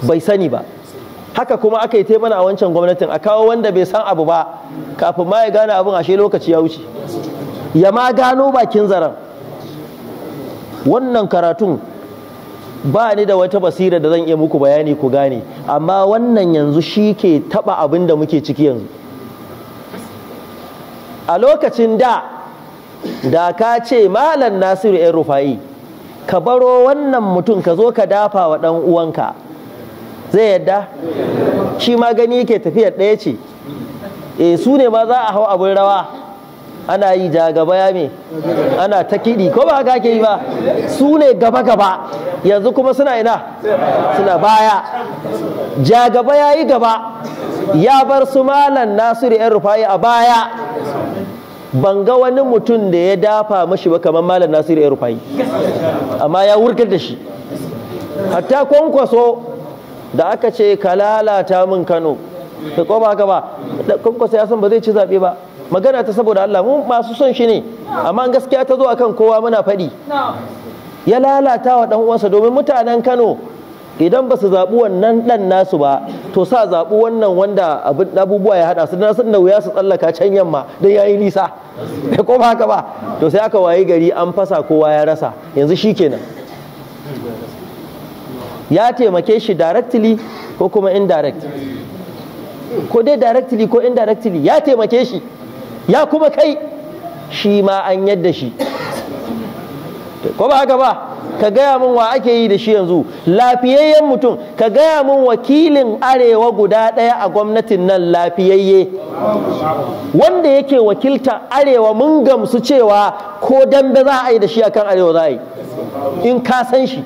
bai sani ba haka kuma aka yi taimana a wancan gwamnatin a kawo wanda bai san abu ba kafin ma ya gane abin ashe lokaci ya wuce ya ma gano bakin zaren wannan karatun ba ni da wata basira da zan iya muku bayani ku gane amma wannan yanzu shi ke taɓa abin da muke ciki yanzu a lokacin da da ka ce malam nasiru yan rufa'i ka baro wannan mutum ka zo ka dafa wa ɗan uwanka zai yadda shi ma gani tafiyar ɗaya ce e su ne ma za a hau abin rawa ana yi ja gaba ya me ana ta kiɗi ko ba haka ake yi ba su ne gaba gaba yanzu kuma suna ina suna baya ja gaba ya yi gaba ya bar su malan nasiru yan rufa'i a baya ban ga wani mutum da ya dafa mashi ba kamar malan nasiru yan rufa'i amma ya wurgar da shi hatta kwankwaso da aka ce ka lalata min kano da ko ba haka ba kwankwaso ya san ba zai ci zaɓe ba magana ta saboda Allah mu masu son shi ne amma gaskiya ta zo akan kowa muna faɗi ya lalata wa ɗan uwansa domin mutanen Kano idan ba su zaɓi wannan ɗan nasu ba to sa zaɓi wannan wanda abubuwa ya haɗa su na sun da wuya su tsallaka can yamma don yayi nisa da ko haka ba to sai aka waye gari an fasa kowa ya rasa yanzu shi kenan ya taimake shi directly ko kuma indirect ko dai directly ko indirectly ya taimake shi ya kuma kai shi ma an yadda shi ko ba haka ba ka gaya min wa ake yi da shi yanzu lafiyayyen mutum ka gaya min wakilin arewa guda ɗaya a gwamnatin nan lafiyayye wanda yake wakilta arewa mun gamsu cewa ko dambe za a yi da shi akan arewa za a yi in ka san shi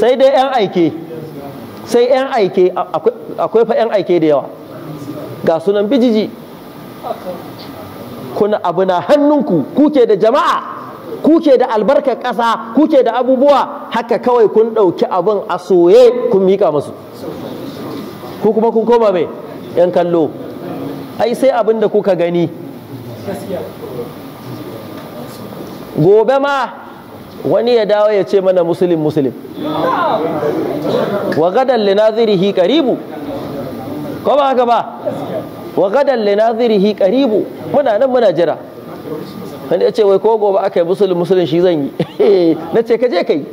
sai dai 'yan aike sai 'yan aike akwai fa 'yan aike da yawa ga sunan bijiji kuna abu na hannunku kuke da jama'a kuke da albarkar ƙasa kuke da abubuwa haka kawai kun ɗauki abin a soye kun miƙa musu ku kuma kun koma mai yan kallo ai sai abin da kuka gani gobe ma wani ya dawo ya ce mana musulun musulun wa gadan linazirihi karibu ko ba haka ba wa gadan li nadhirihi qaribu muna nan muna jira wanda ya ce wai ko gobe aka yi musulun musulun shi zan yi na ce ka je ka yi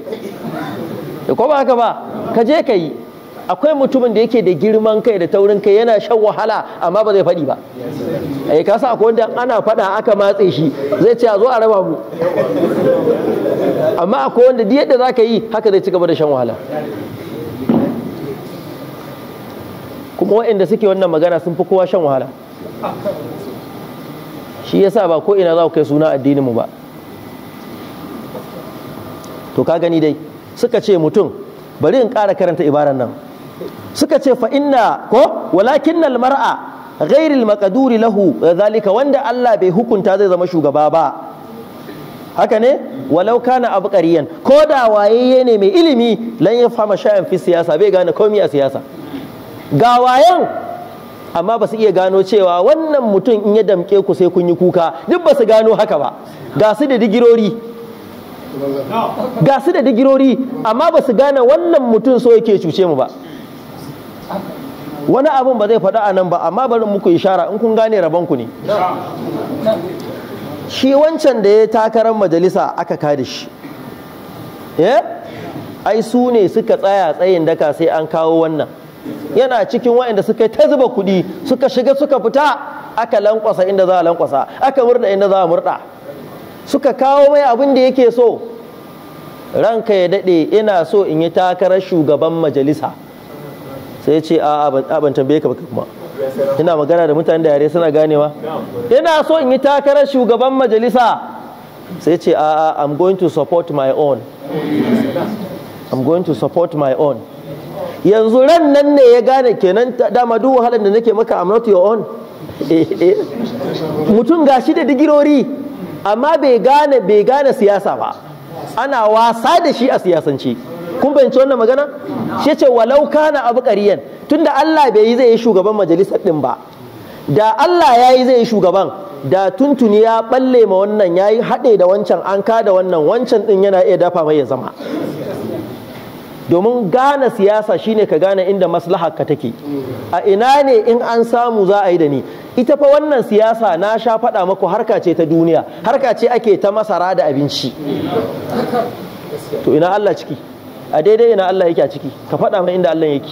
ko ba haka ba ka je ka yi akwai mutumin da yake da girman kai da taurin kai yana shan wahala amma ba zai faɗi ba eh ka sa akwai wanda ana faɗa aka matse shi zai ce a zo a raba mu amma akwai wanda duk yadda zaka yi haka zai ci gaba da shan wahala kuma waɗanda suke wannan magana sun fi kowa shan wahala shi yasa ba ko ina za ku kai suna addinin mu ba to ka gani dai suka ce mutum bari in ƙara karanta ibaran nan suka ce fa inna ko walakin mar'a ghairil maqduri lahu zalika wanda Allah bai hukunta zai zama shugaba ba haka ne walau kana abu ƙariyan ko da wayayye ne mai ilimi lan ya fama sha'an fi siyasa bai gane komai a siyasa ga wayan amma ba su iya gano cewa wannan mutum in ya damke ku sai kun yi kuka duk ba su gano haka ba ga su da digirori ga su da digirori amma ba su gane wannan mutum so yake cuce mu ba wani abin ba zai faɗa a nan ba amma bari muku shara in kun gane rabon ku ne shi wancan da ya takarar majalisa aka kada shi eh? ai su ne suka tsaya tsayin daka sai an kawo wannan yana cikin waɗanda suka yi ta zuba kuɗi suka shiga suka fita aka lankwasa inda za a lankwasa aka murda inda za a murda suka kawo mai abin da yake so ranka ya daɗe ina so in yi takarar shugaban majalisa sai ce a ban tambaye ka kuma ina magana da mutane da yare suna ganewa ina so in yi takarar shugaban majalisa sai ce a I'm going to support my own I'm going to support my own yanzu ran nan ne ya gane kenan dama duk wahalar da nake maka I'm not your own eh, eh. mutum gashi da digirori amma bai gane bai gane siyasa ba ana wasa da shi a siyasance kun fahimci wannan magana shi ce walau kana abu ƙariyan tunda Allah bai yi zai yi shugaban majalisar din ba da Allah ya yi zai yi shugaban da tuntuni ya balle ma wannan ya yi haɗe da wancan an da wannan wancan din yana iya dafa mai ya zama domin gane siyasa shine ka gane inda maslaha ka take a ina ne in an samu za a yi da ni ita fa wannan siyasa na sha faɗa maku harka ce ta duniya harka ce ake ta masara da abinci to ina Allah ciki a daidai ina Allah yake a ciki ka faɗa mai inda Allah yake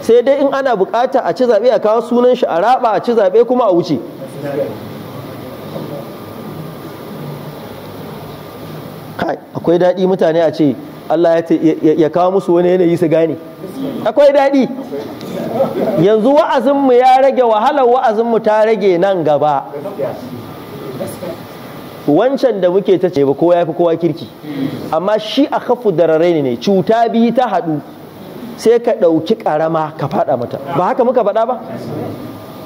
sai dai in ana bukata a ci zaɓe a kawo sunan shi a raba a ci zaɓe kuma a wuce akwai daɗi mutane a ce Allah ya kawo musu wani yanayi su gane akwai daɗi yanzu wa'azinmu ya rage wahalar wa'azinmu ta rage nan gaba wancan da muke ta ce ba kowa ya fi kowa kirki amma shi a kafu da darare ne cuta biyu ta haɗu sai ka ɗauki ƙarama ka faɗa mata ba haka muka faɗa ba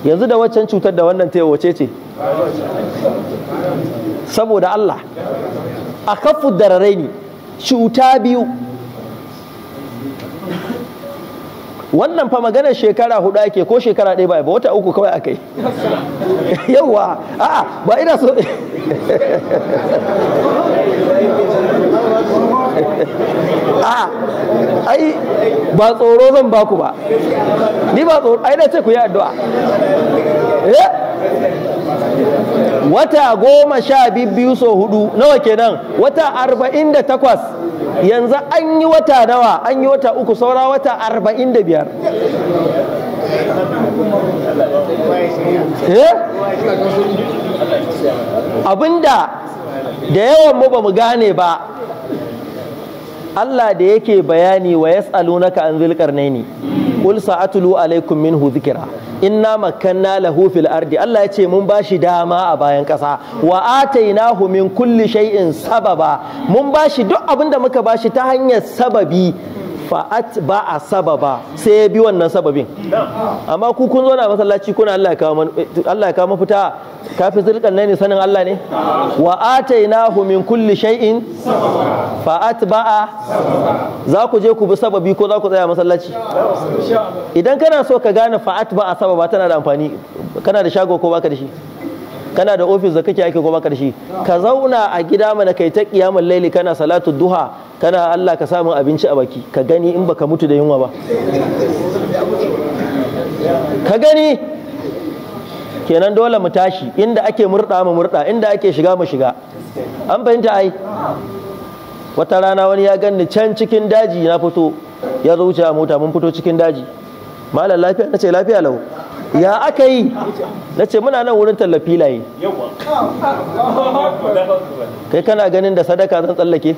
yanzu da waccan cutar da wannan ta wace ce saboda Allah a kafu dararai ne cuta biyu wannan fa maganar shekara hudu ake ko shekara ɗaya ba ba wata uku kawai aka yi yawa a'a ba ina so a'a ai ba tsoro zan baku ba ni ba tsoro ai na ce ku yi addu'a eh wata goma sha biyu so hudu nawa kenan wata arba'in da takwas yanzu an yi wata nawa an yi wata uku saura wata arba'in da biyar eh? abinda da yawan mu ba mu gane ba Allah da yake bayani wa yas'alunaka an ne ne qul sa'atlu alaikum minhu dhikra inna makanna lahu fil ardi Allah ya ce mun bashi dama a bayan kasa wa atainahu min kulli shay'in sababa mun bashi duk abinda muka bashi ta hanyar sababi fa'at ba a sababa sai ya bi wannan sababin amma ku kun zo na masallaci kuna Allah ya kawo mafita kafin zirkan ne sanin Allah ne wa atainahu min kulli shay'in fa'at ba a za ku je ku bi sababi ko za ku tsaya masallaci idan kana so ka gane fa'at ba a sababa tana da amfani kana da shago ko baka da shi kana da ofis da kake aiki goma karshe ka zauna a gida mana kai ta kiyamul laili kana salatu duha kana Allah ka samu abinci a baki ka gani in baka mutu da yunwa ba ka gani kenan dole mu tashi inda ake murda mu murda inda ake shiga mu shiga an fahimta ai wata rana wani ya ganni can cikin daji na fito ya zo wuce a mota mun fito cikin daji malam lafiya na ce lafiya lau ya aka yi na ce muna nan wurin tallafi laye kai kana ganin da sadaka zan tsallake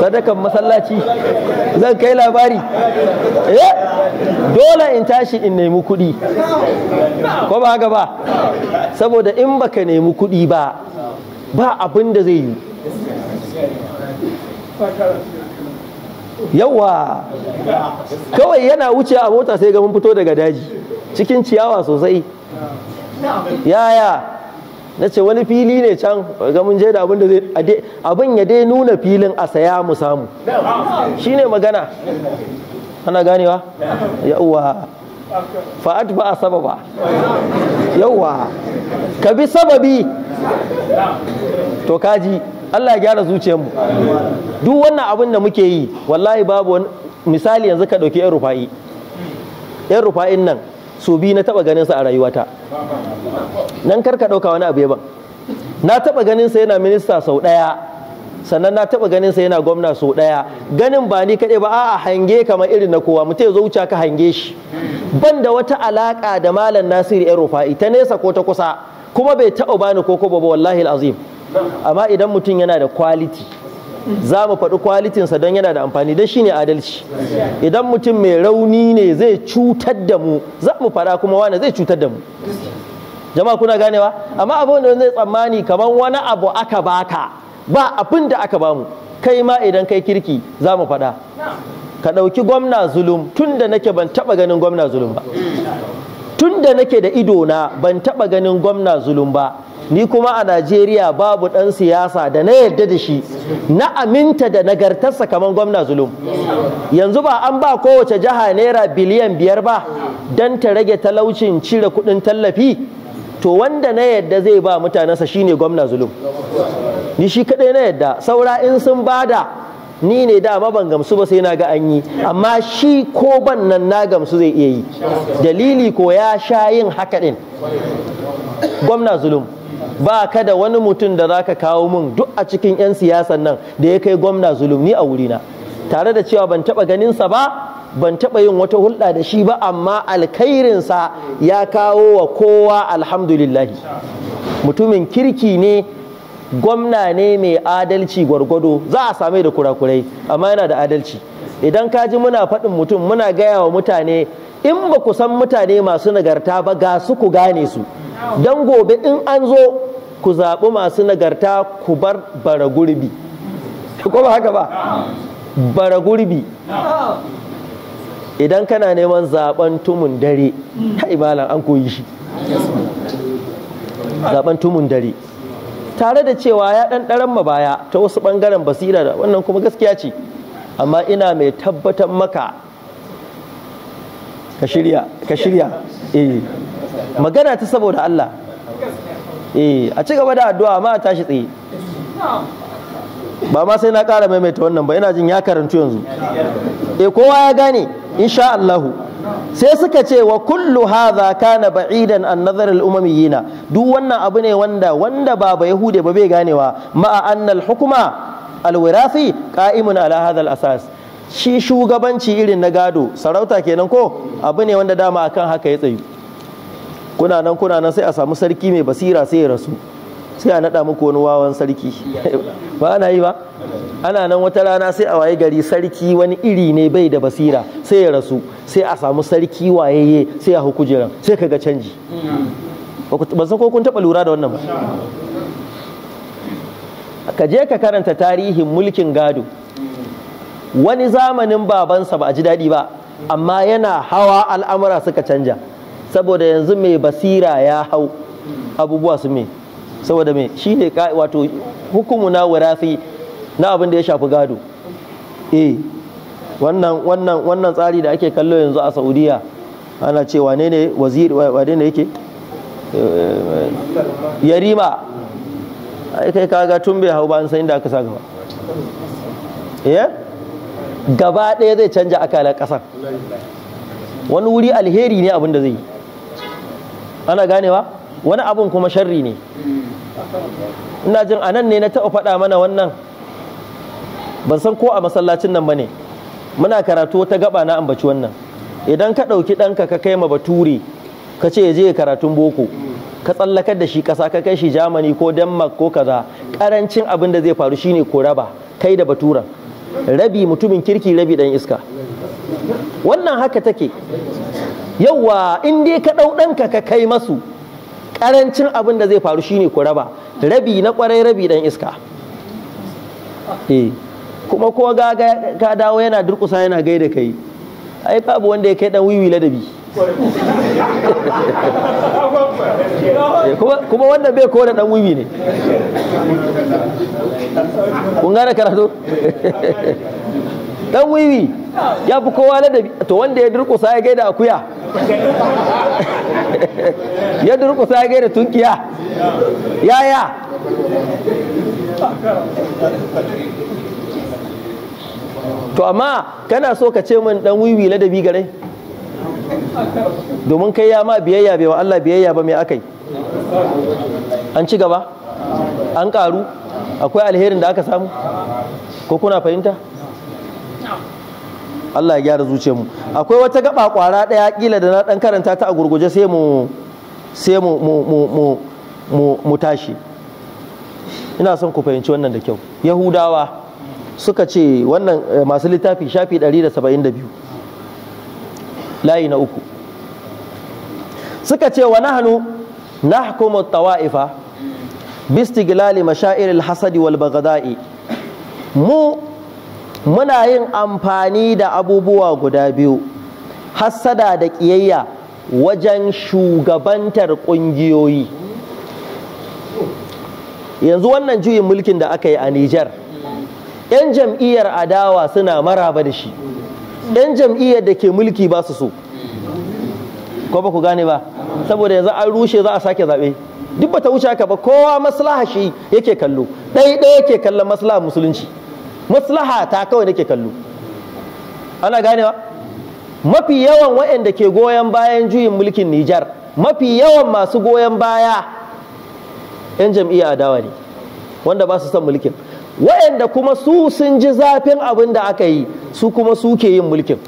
sadakan masallaci zan kai labari eh, dole in tashi in nemi kuɗi ko ba haka ba saboda in baka nemi kuɗi ba ba abin da zai yi yawa kawai yana wuce a mota sai ga fito daga daji cikin ciyawa sosai yaya na ce wani fili ne can ga mun je da abin da zai abin ya dai nuna filin a saya mu samu shine magana ana ganewa yawa fa'ad ba sababa yawa ka bi sababi to kaji Allah ya gyara mu duk wannan abin da muke yi wallahi babu wani misali yanzu ka dauki 'yan rufa'i 'yan rufa'in nan su bi na taba ganin sa a rayuwata nan kar ka ɗauka wani abu yaban na taɓa ganin sa yana minista sau ɗaya sannan na taba ganin sa yana gwamna so ɗaya. ganin ba ni kaɗai ba a hange kamar irin na kowa mutum zo wuce ka hange shi ban da wata alaƙa da malam Nasiru yan rufa'i ta nesa ko ta kusa kuma bai taɓa bani ko ko ba wallahi azim amma idan mutum yana da quality za mu faɗi kwalitinsa don yana da amfani don shine adalci idan mutum mai rauni ne zai cutar da mu za mu faɗa kuma wani zai cutar da mu jama'a kuna ganewa amma abin da zai tsammani kamar wani abu aka baka ba abin da aka bamu kai ma idan kai kirki za mu faɗa ka ɗauki gwamna zulum tun da nake ban taɓa ganin gwamna zulum ba tun da nake da ido na ban taɓa ganin gwamna zulum ba ni kuma a najeriya babu ɗan siyasa da na yarda da shi na aminta da nagartarsa kamar gwamna zulum yanzu ba an ba kowace jiha naira biliyan biyar ba don ta rage talaucin cire kuɗin tallafi to wanda na yarda zai ba mutanensa shine gwamna zulum ni shi kaɗai na yadda saura in sun bada ni ne dama ban gamsu ba sai na ga an yi amma shi ko ban nan na gamsu zai iya yi dalili ko ya sha yin haka ɗin gwamna zulum ba ka da wani mutum da za ka kawo mun duk a cikin 'yan siyasan nan da ya kai gwamna zulum ni a wurina tare da cewa ban taɓa ganinsa ba ban taɓa yin wata hulɗa da shi ba amma alkhairinsa ya kawo wa kowa alhamdulillahi mutumin kirki ne gwamna ne mai adalci gwargwado za a same da kurakurai amma yana da adalci idan ka ji muna faɗin mutum muna gaya wa mutane in ba ku san mutane masu nagarta ba ga su ku gane su don gobe in an zo ku zaɓi masu nagarta ku bar bara gurbi ko ba haka ba bara gurbi idan kana neman zaɓen tumun dare ta an koyi shi Zaɓen tumun dare tare da cewa ya ɗan ɗaran ma baya ta wasu ɓangaren basira da wannan kuma gaskiya ce amma ina mai tabbatar maka ka shirya ka shirya eh magana ta saboda Allah eh a ci gaba da addu'a ma a tashi tsaye ba ma sai na ƙara maimaita wannan ba ina jin ya karantu yanzu eh kowa ya gane insha Allahu sai suka ce wa kullu hadha kana ba'idan an nazar al umamiyina duk wannan abu ne wanda wanda ba ba yahude ba bai ganewa ma'a anna al hukuma al wirasi qa'imun ala hadha al asas shi shugabanci irin na gado sarauta kenan ko abu ne wanda dama akan haka ya tsayu kuna nan kuna nan sai a samu sarki mai basira sai ya rasu sai a naɗa muku wani wawan sarki ba ana yi ba ana nan wata rana sai a waye gari sarki wani iri ne bai da basira sai ya rasu sai a samu sarki wayeye sai a kujeran sai ka ga canji ba ko kun taɓa lura da wannan ba ka je ka karanta tarihin mulkin gado wani zamanin babansa ba a ji daɗi ba amma yana hawa al'amura suka canja saboda yanzu mai basira ya hau abubuwa su mai saboda me shi ne wato hukumu na wurafi na abin da ya shafi gado eh wannan wannan wannan tsari da ake kallo yanzu a saudiya ana ce wane ne wazir wane ne yake eh, yarima ai kai kaga tun bai hau ba an san da aka sa gaba eh gaba ɗaya zai canja akalar ƙasar wani wuri alheri ne abin da zai yi ana ganewa wani abun kuma sharri ne ina jin anan ne na taɓa faɗa mana wannan ban san ko a masallacin nan ba ne muna karatu ta gaba na ambaci wannan idan ka ɗauki ɗanka ka kai ma bature ka ce ya je karatun boko ka tsallakar da shi ƙasa ka kai shi jamani ko denmark ko kaza ƙarancin abin da zai faru shine ko raba kai da baturan rabi mutumin kirki rabi dan iska wannan haka take yauwa in dai ka ɗau ɗanka ka kai masu karancin abin da zai faru shine ku raba rabi na kwarai rabi dan iska eh kuma ko ga ka dawo yana durkusa yana gaida kai ai babu wanda ya kai dan wiwi ladabi kuma wannan bai da dan wiwi ne kun gane karatu dan wiwi ya fi kowa ladabi to wanda ya durkusa ya gaida akuya ya durkusa ya gaida tunkiya yaya to amma kana so ka ce min dan wiwi ladabi gare domin kai ya ma biyayya bai wa Allah biyayya ba mai akai an ci gaba an karu akwai alherin da aka samu ko kuna fahimta Allah ya gyara zuciyar mu akwai wata gaba kwara daya kila da na dan karanta ta a gurguje sai mu sai mu mu mu mu mu tashi ina son ku fahimci wannan da kyau yahudawa suka ce wannan eh, masu littafi shafi 172 layi na uku suka ce wa nahnu nahkumu tawa'ifa bistiglali mashairil hasadi wal baghdai mu muna yin amfani da abubuwa guda biyu hassada da ƙiyayya wajen shugabantar ƙungiyoyi yanzu wannan juyin mulkin da aka yi a Nijar 'yan jam'iyyar adawa suna maraba da shi 'yan jam'iyyar da ke mulki ba su so ko ba ku gane ba saboda yanzu an rushe za a sake zaɓe duk ba ta wuce aka ba kowa maslaha shi yake kallo ɗaya ɗaya yake kallon maslaha musulunci maslaha ta kawai nake kallo ana ganewa mafi yawan waɗanda ke goyon bayan juyin mulkin Nijar mafi yawan masu goyon baya 'yan jam'iyya adawa ne wanda ba su son mulkin waɗanda kuma su sun ji zafin abin da aka yi su kuma su ke yin mulkin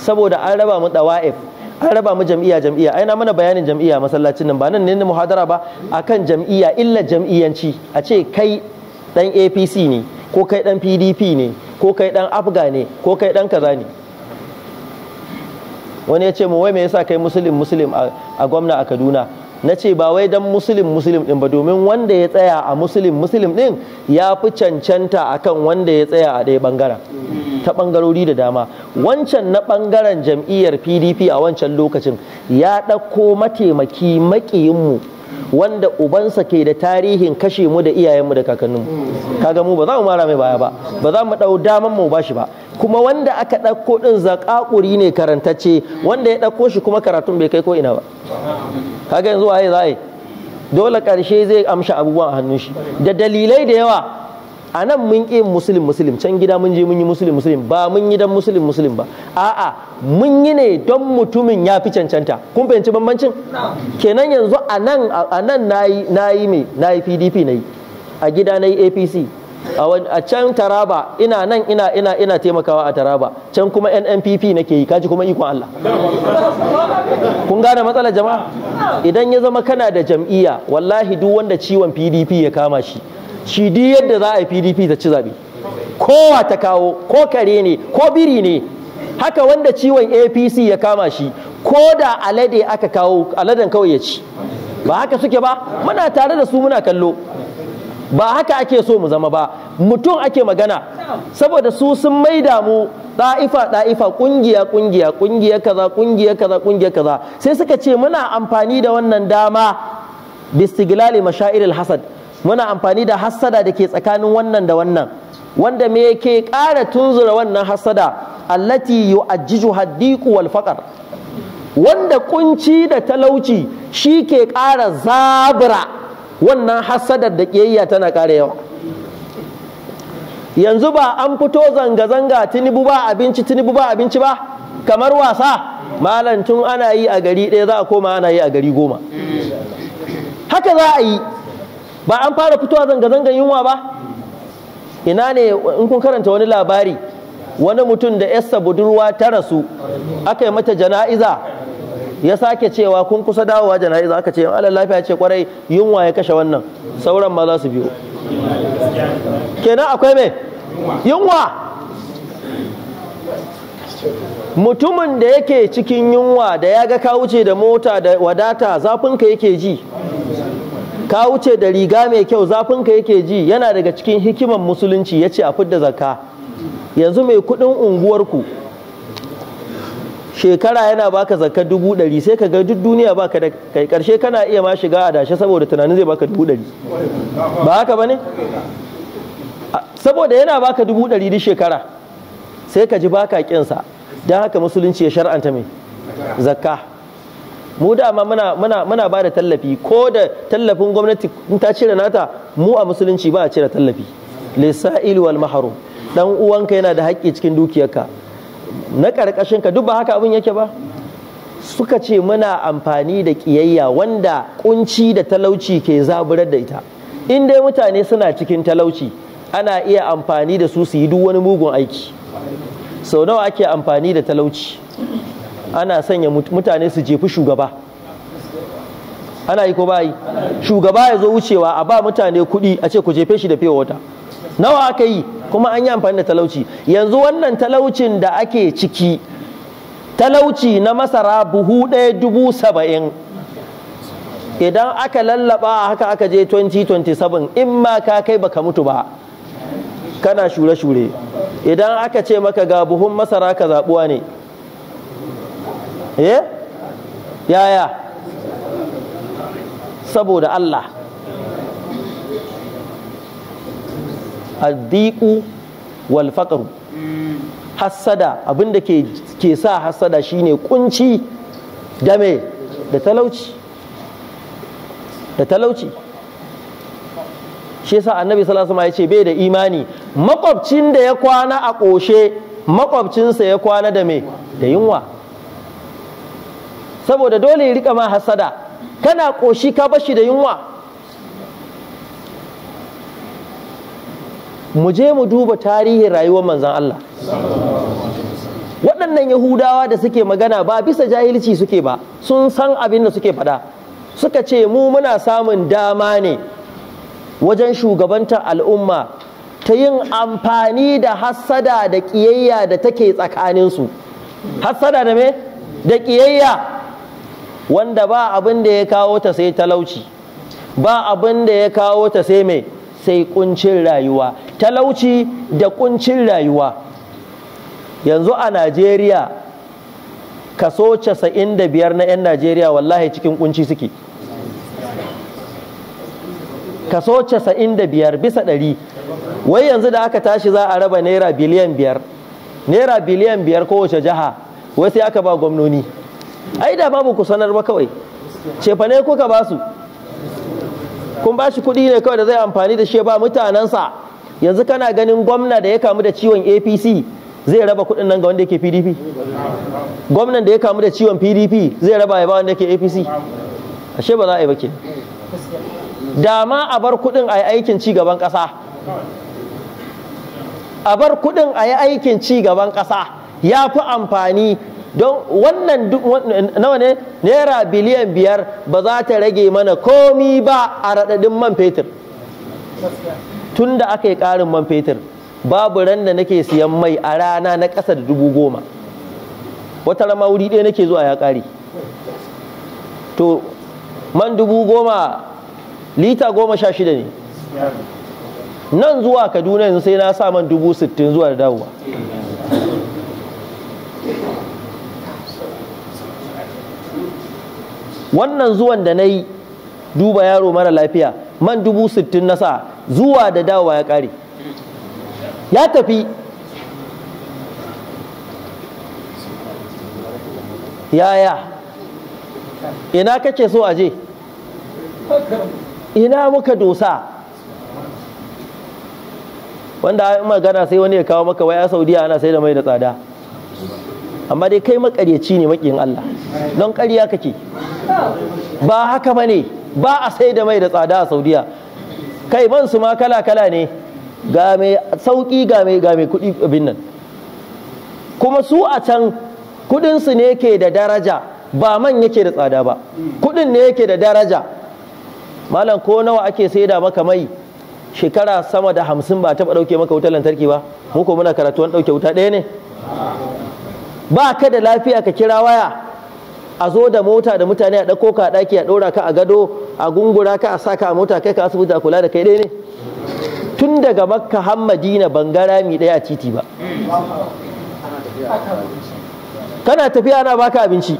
saboda an raba mu dawa'if an raba mu jam'iyya jam'iyya ai na mana bayanin jam'iyya masallacin nan ba nan ne muhadara ba akan jam'iyya illa jam'iyyanci a ce kai dan apc ne ko kai dan pdp ne ko kai dan afga ne ko kai dan kaza ne wani ya ce mu wai me yasa kai musulun musulun a gwamna a kaduna na ce ba wai dan musulun musulun din ba domin wanda ya tsaya a musulun musulun din ya fi cancanta akan wanda ya tsaya a ɗaya bangaren ta bangarori da dama wancan na bangaren jam'iyyar pdp a wancan lokacin ya ɗauko mataimaki maƙiyinmu wanda ubansa ke da tarihin kashe mu da iyayenmu da kakanninmu kaga mu ba za mu mara mai baya ba ba za mu dau daman mu bashi ba kuma wanda aka ɗauko ɗin zaƙaƙuri ne karantacce wanda ya ɗauko shi kuma karatun bai kai ko ina ba kaga yanzu waye za a dole ƙarshe zai amsha abubuwan a hannun shi da dalilai da yawa a nan mun ƙi musulun musulun can gida mun je mun yi musulun musulun ba mun yi dan musulun musulun ba a'a mun yi ne don mutumin ya fi cancanta kun fahimci bambancin kenan yanzu a nan a nan nayi nayi me nayi PDP nayi a gida nayi APC a can Taraba ina nan ina ina ina taimakawa a Taraba can kuma NNPP nake yi kaji kuma ikon Allah kun gane matsalar jama'a idan ya zama kana da jam'iyya wallahi duk wanda ciwon PDP ya kama shi shi di yadda za a yi pdp ta ci zaɓe kowa ta kawo ko kare ne ko biri ne haka wanda ciwon apc ya kama shi ko da alade aka kawo aladen kawai ya ci ba haka suke ba muna tare da su muna kallo ba haka ake so mu zama ba mutum ake magana saboda su sun maida mu ɗa'ifa ɗa'ifa ƙungiya ƙungiya ƙungiya kaza ƙungiya kaza ƙungiya kaza sai suka ce muna amfani da wannan dama bistiglali mashairil hasad muna amfani da hassada da ke tsakanin wannan da wannan wanda me yake ƙara tunzura wannan hassada allati yu'ajjiju haddiqu wal faqr wanda kunci da talauci shi ke ƙara zabura wannan hassadar da ƙiyayya tana ƙara yawa yanzu ba an fito zanga-zanga tinubu ba abinci tinubu ba abinci ba kamar wasa malam tun ana yi a gari ɗaya za a koma ana yi a gari goma haka za a yi ba an fara fitowa zanga-zangan yunwa ba ina ne in kun karanta wani labari wani mutum da yasa budurwa ta rasu aka yi mata jana'iza ya sake cewa kun kusa dawowa jana'iza aka ce Allah lafiya ce kwarai yunwa ya kashe wannan sauran ma za su biyo kenan akwai me yunwa mutumin da yake cikin yunwa da ya ga ka wuce da mota da wadata zafinka yake ji ka wuce da riga mai kyau zafinka yake ji yana daga cikin hikiman musulunci ya ce a fidda zakka yanzu mai kuɗin unguwarku shekara yana baka zakka dubu ɗari sai ka ga duk duniya baka da kai karshe kana iya ma shiga a dashe saboda tunanin zai baka dubu ɗari ba haka ba ne saboda yana baka dubu ɗari duk shekara sai ka ji baka ƙinsa don haka musulunci ya shar'anta mai zakka mu dama muna muna muna ba tallafi ko da tallafin gwamnati in ta cire nata mu a musulunci ba a cire tallafi lisa'il wal mahrum dan uwanka yana da haƙƙi cikin dukiyarka na ƙarƙashin ka duk ba haka abin yake ba suka ce muna amfani da kiyayya wanda kunci da talauci ke zaburar da ita in dai mutane suna cikin talauci ana iya amfani da su su yi duk wani mugun aiki sau nawa ake amfani da talauci ana sanya mutane su jefi shugaba ana yi ko ba shugaba ya zo wucewa a ba mutane kuɗi a ce ku jefe shi da fiye wata nawa aka yi kuma an yi amfani da talauci yanzu wannan talaucin da ake ciki talauci na masara buhu ɗaya dubu saba'in idan aka lallaba haka aka je 2027 in ma ka kai baka mutu ba kana shure-shure idan aka ce maka ga buhun masara ka zaɓuwa ne eh yaya saboda Allah addiku wal faqru hassada abinda ke ke sa hassada shine kunci da me da talauci da talauci shi yasa annabi sallallahu alaihi wasallam ya ce bai da imani makwabcin da ya kwana a ƙoshe makwabcinsa ya kwana da me da yunwa saboda dole ya rika ma hasada kana ƙoshi ka bashi da yunwa mu je mu duba tarihin rayuwar manzan Allah waɗannan yahudawa da suke magana ba bisa jahilci suke ba sun san abin da suke faɗa suka ce mu muna samun dama ne wajen shugabantar al'umma ta yin amfani da hassada da ƙiyayya da take tsakaninsu hassada da me da ƙiyayya wanda ba abin da ya kawo ta sai talauci ba abin da ya kawo ta sai mai sai kuncin rayuwa talauci da kuncin rayuwa yanzu a najeriya kaso 95 na 'yan najeriya wallahi cikin kunci suke kaso 95 bisa 100 wai yanzu da aka tashi za a raba naira biliyan biyar naira biliyan biyar kowace jiha wai sai aka ba gwamnoni ai da babu ku sanar ba kawai cefane kuka ba su kun ba shi kuɗi ne kawai da zai amfani da shi ba mutanensa yanzu kana ganin gwamna da ya kamu da ciwon apc zai raba kuɗin nan ga wanda yake pdp gwamnan da ya kamu da ciwon pdp zai raba ya ba wanda yake apc ashe ba za a yi ba ke da ma a bar kuɗin a yi aikin ci gaban ƙasa a bar kuɗin a yi aikin ci gaban ƙasa ya fi amfani don wannan nawa ne naira biliyan biyar ba za ta rage mana komi ba a raɗaɗin man fetur tun da aka yi ƙarin man fetur babu ran da nake siyan mai a rana na ƙasa da dubu goma wata rama wuri ɗaya nake zuwa ya ƙari to man dubu goma lita goma sha shida ne nan zuwa kaduna yanzu sai na sa man dubu sittin zuwa da dawowa wannan zuwan da na yi duba yaro mara lafiya man dubu sittin na sa zuwa da dawowa ya kare. ya tafi yaya ina kake so aje ina muka dosa wanda in magana sai wani ya kawo maka waya saudiya ana sai da mai da tsada amma dai kai makaryaci ne makin Allah don ƙarya kake ba haka ba ne ba a sai da mai da tsada a saudiya kai man su ma kala-kala ne ga mai sauƙi ga mai ga mai kuɗi abin nan kuma su a can kuɗinsu ne ke da daraja ba man yake da tsada ba kuɗin ne yake da daraja malam ko nawa ake sai da maka mai shekara sama da hamsin ba taɓa ɗauke maka wutar lantarki ba mu ko muna karatu an ɗauke wuta ɗaya ne ba ka da lafiya ka kira waya a zo da mota da mutane a ɗauko ka ɗaki a ɗora ka a gado a gungura ka a saka a mota kai ka asibiti a kula da kai ɗaya ne tun daga makka har madina ban ga ɗaya a titi ba kana tafiya ana baka abinci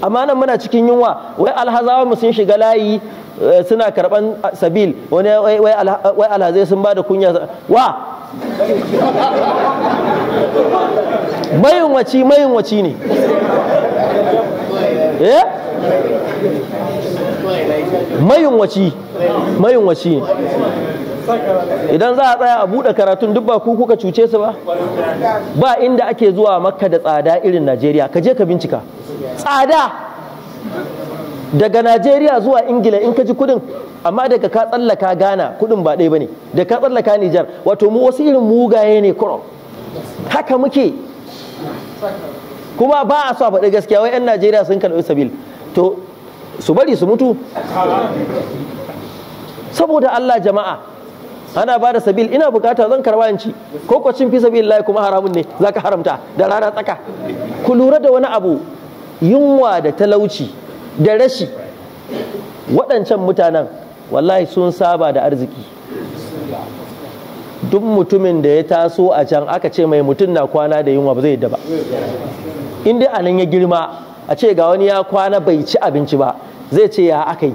amma nan muna cikin yunwa wai alhazawa mu sun shiga layi eh, suna karban sabil wani wai alhazai sun ba da kunya wa mayunwaci mayunwaci ne eh mayunwaci mayunwaci idan za a tsaya a buɗe karatun duk ba ku kuka cuce su ba ba inda ake zuwa makka da tsada irin najeriya ka je ka bincika tsada daga najeriya zuwa ingila in ka ji kudin amma daga ka tsallaka ghana kudin ba ɗaya ba ne da ka tsallaka nijar wato mu wasu irin mugaye ne kuro haka muke kuma ba a so a faɗi gaskiya wai 'yan najeriya sun karɓi sabil to su bari su mutu saboda allah jama'a ana ba da sabil ina bukata zan karba in ci ko kwacin fi sabil lai kuma haramun ne za ka haramta da rana tsaka ku lura da wani abu yunwa da talauci da rashi waɗancan mutanen wallahi sun saba da arziki duk mutumin da ya taso a can aka ce mai mutum na kwana da yunwa ba zai yadda ba in dai anan ya girma a ce ga wani ya kwana bai ci abinci ba zai ce ya aka yi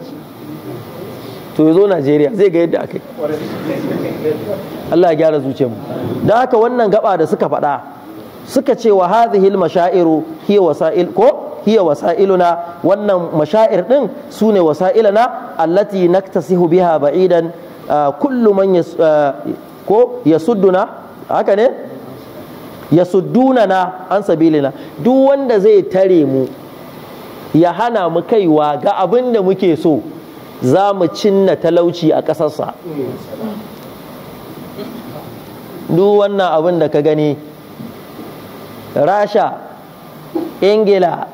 to ya najeriya zai ga yadda aka yi allah ya gyara zuciyarmu da haka wannan gaba da suka faɗa suka ce wa hadhihil mashairu hiya wasa'il ko hiya wasailuna wannan mashair din sune wasailana allati naktasihu biha ba'idan ah, kullu man ah, ko yasudduna haka ne ya na an sabilina duk wanda zai tare mu ya hana mu kaiwa ga abin da muke so za mu cinna talauci a ƙasarsa duk wannan abin da ka gani rasha ingila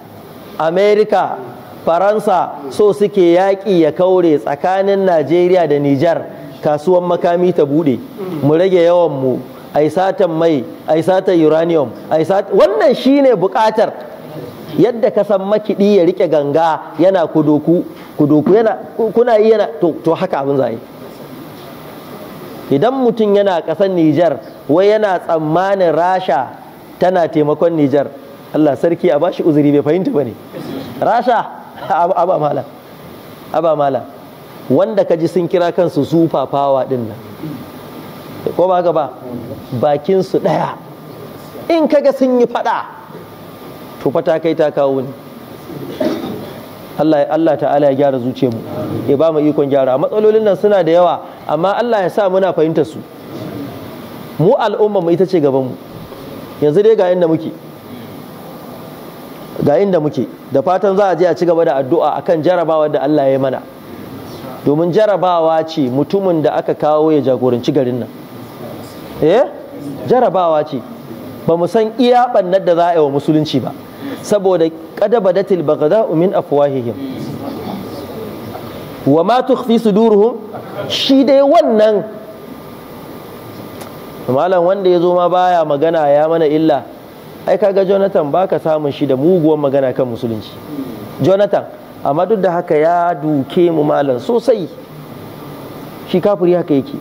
amerika faransa so suke yaƙi ya kaure tsakanin najeriya da nijar kasuwan makami ta bude mu rage yawan mu ai satan mai ai satan uranium ai wannan shine bukatar yadda ka san makiɗi ya rike ganga yana kudoku kudoku yana kuna yi yana to haka abin zai idan mutum yana ƙasar Nijar wai yana tsammanin Rasha tana taimakon Nijar Allah sarki a bashi uzuri bai fahimta bane Rasha aba mala aba mala wanda ka ji sun kira kansu super power din nan ko ba gaba bakin su daya in kaga sun yi fada to fa ta kai ta kawo ne Allah Allah ta'ala ya gyara zuciyar mu ya ba mu ikon gyara matsalolin nan suna da yawa amma Allah ya sa muna fahimtar su mu al'umma mu ita ce gaban mu yanzu dai ga inda muke ga inda muke da fatan za a je a ci gaba da addu'a akan jarabawar da Allah ya yi mana domin jarabawa ce mutumin da aka kawo ya jagoranci garin nan eh jarabawa ce ba mu san iya bannar da za a yi wa musulunci ba saboda qadabadatil bagada min afwahihim wa ma tukhfi suduruhum shi dai wannan malam wanda ya zo ma baya magana ya mana illa ai kaga Jonathan baka samun shi da muguwan magana kan musulunci Jonathan amma duk da haka ya duke mu malam sosai shi kafiri haka yake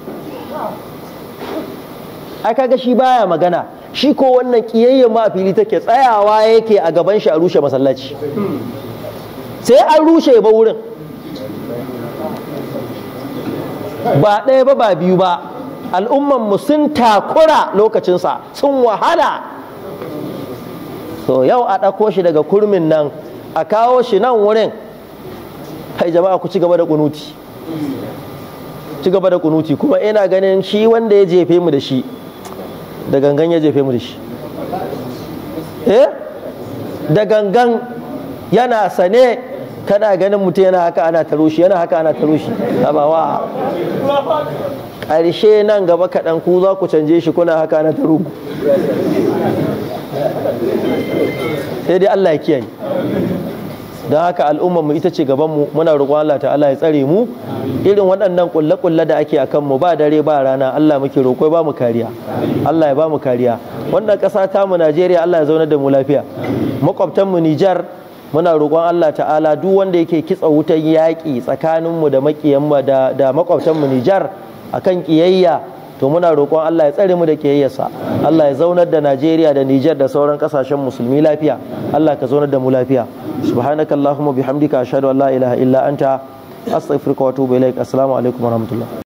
ai kaga shi baya magana shi ko wannan kiyayyen ma fili take tsayawa yake a gaban shi a rushe masallaci sai an rushe ba wurin ba ɗaya ba ba biyu ba al'umman mu sun takura lokacinsa sun wahala to yau a ɗako shi daga kurmin nan a kawo shi nan wurin kai jama'a ku ci gaba da kunuti ci gaba da kunuti kuma ina ganin shi wanda ya jefe mu da shi da gangan ya jefe mu da shi eh da gangan yana sane kana ganin mutum yana haka ana taro shi yana haka ana taro shi wa ƙarshe nan gaba kaɗan ku za ku canje shi kuna haka ana taro ku sai dai Allah ya kiyaye don haka al'ummar mu ita ce gabanmu muna roƙon Allah ta'ala ya tsare mu irin waɗannan kulle kulle da ake akan mu ba dare ba rana Allah muke roƙo ba mu kariya Allah ya ba mu kariya wannan ƙasa ta mu Najeriya Allah ya zauna da mu lafiya makwabtan mu Nijar muna roƙon Allah ta'ala duk wanda yake kitsa wutan yaƙi tsakanin mu da maƙiyanmu da mu Nijar akan kiyayya to muna roƙon Allah ya tsare mu da kiyayyarsa Allah ya zaunar da Najeriya da Nijar da sauran kasashen musulmi lafiya Allah ka zaunar da mu lafiya subhanakallahumma bihamdika ashhadu an la ilaha illa anta astaghfiruka wa atubu ilaik assalamu alaikum warahmatullahi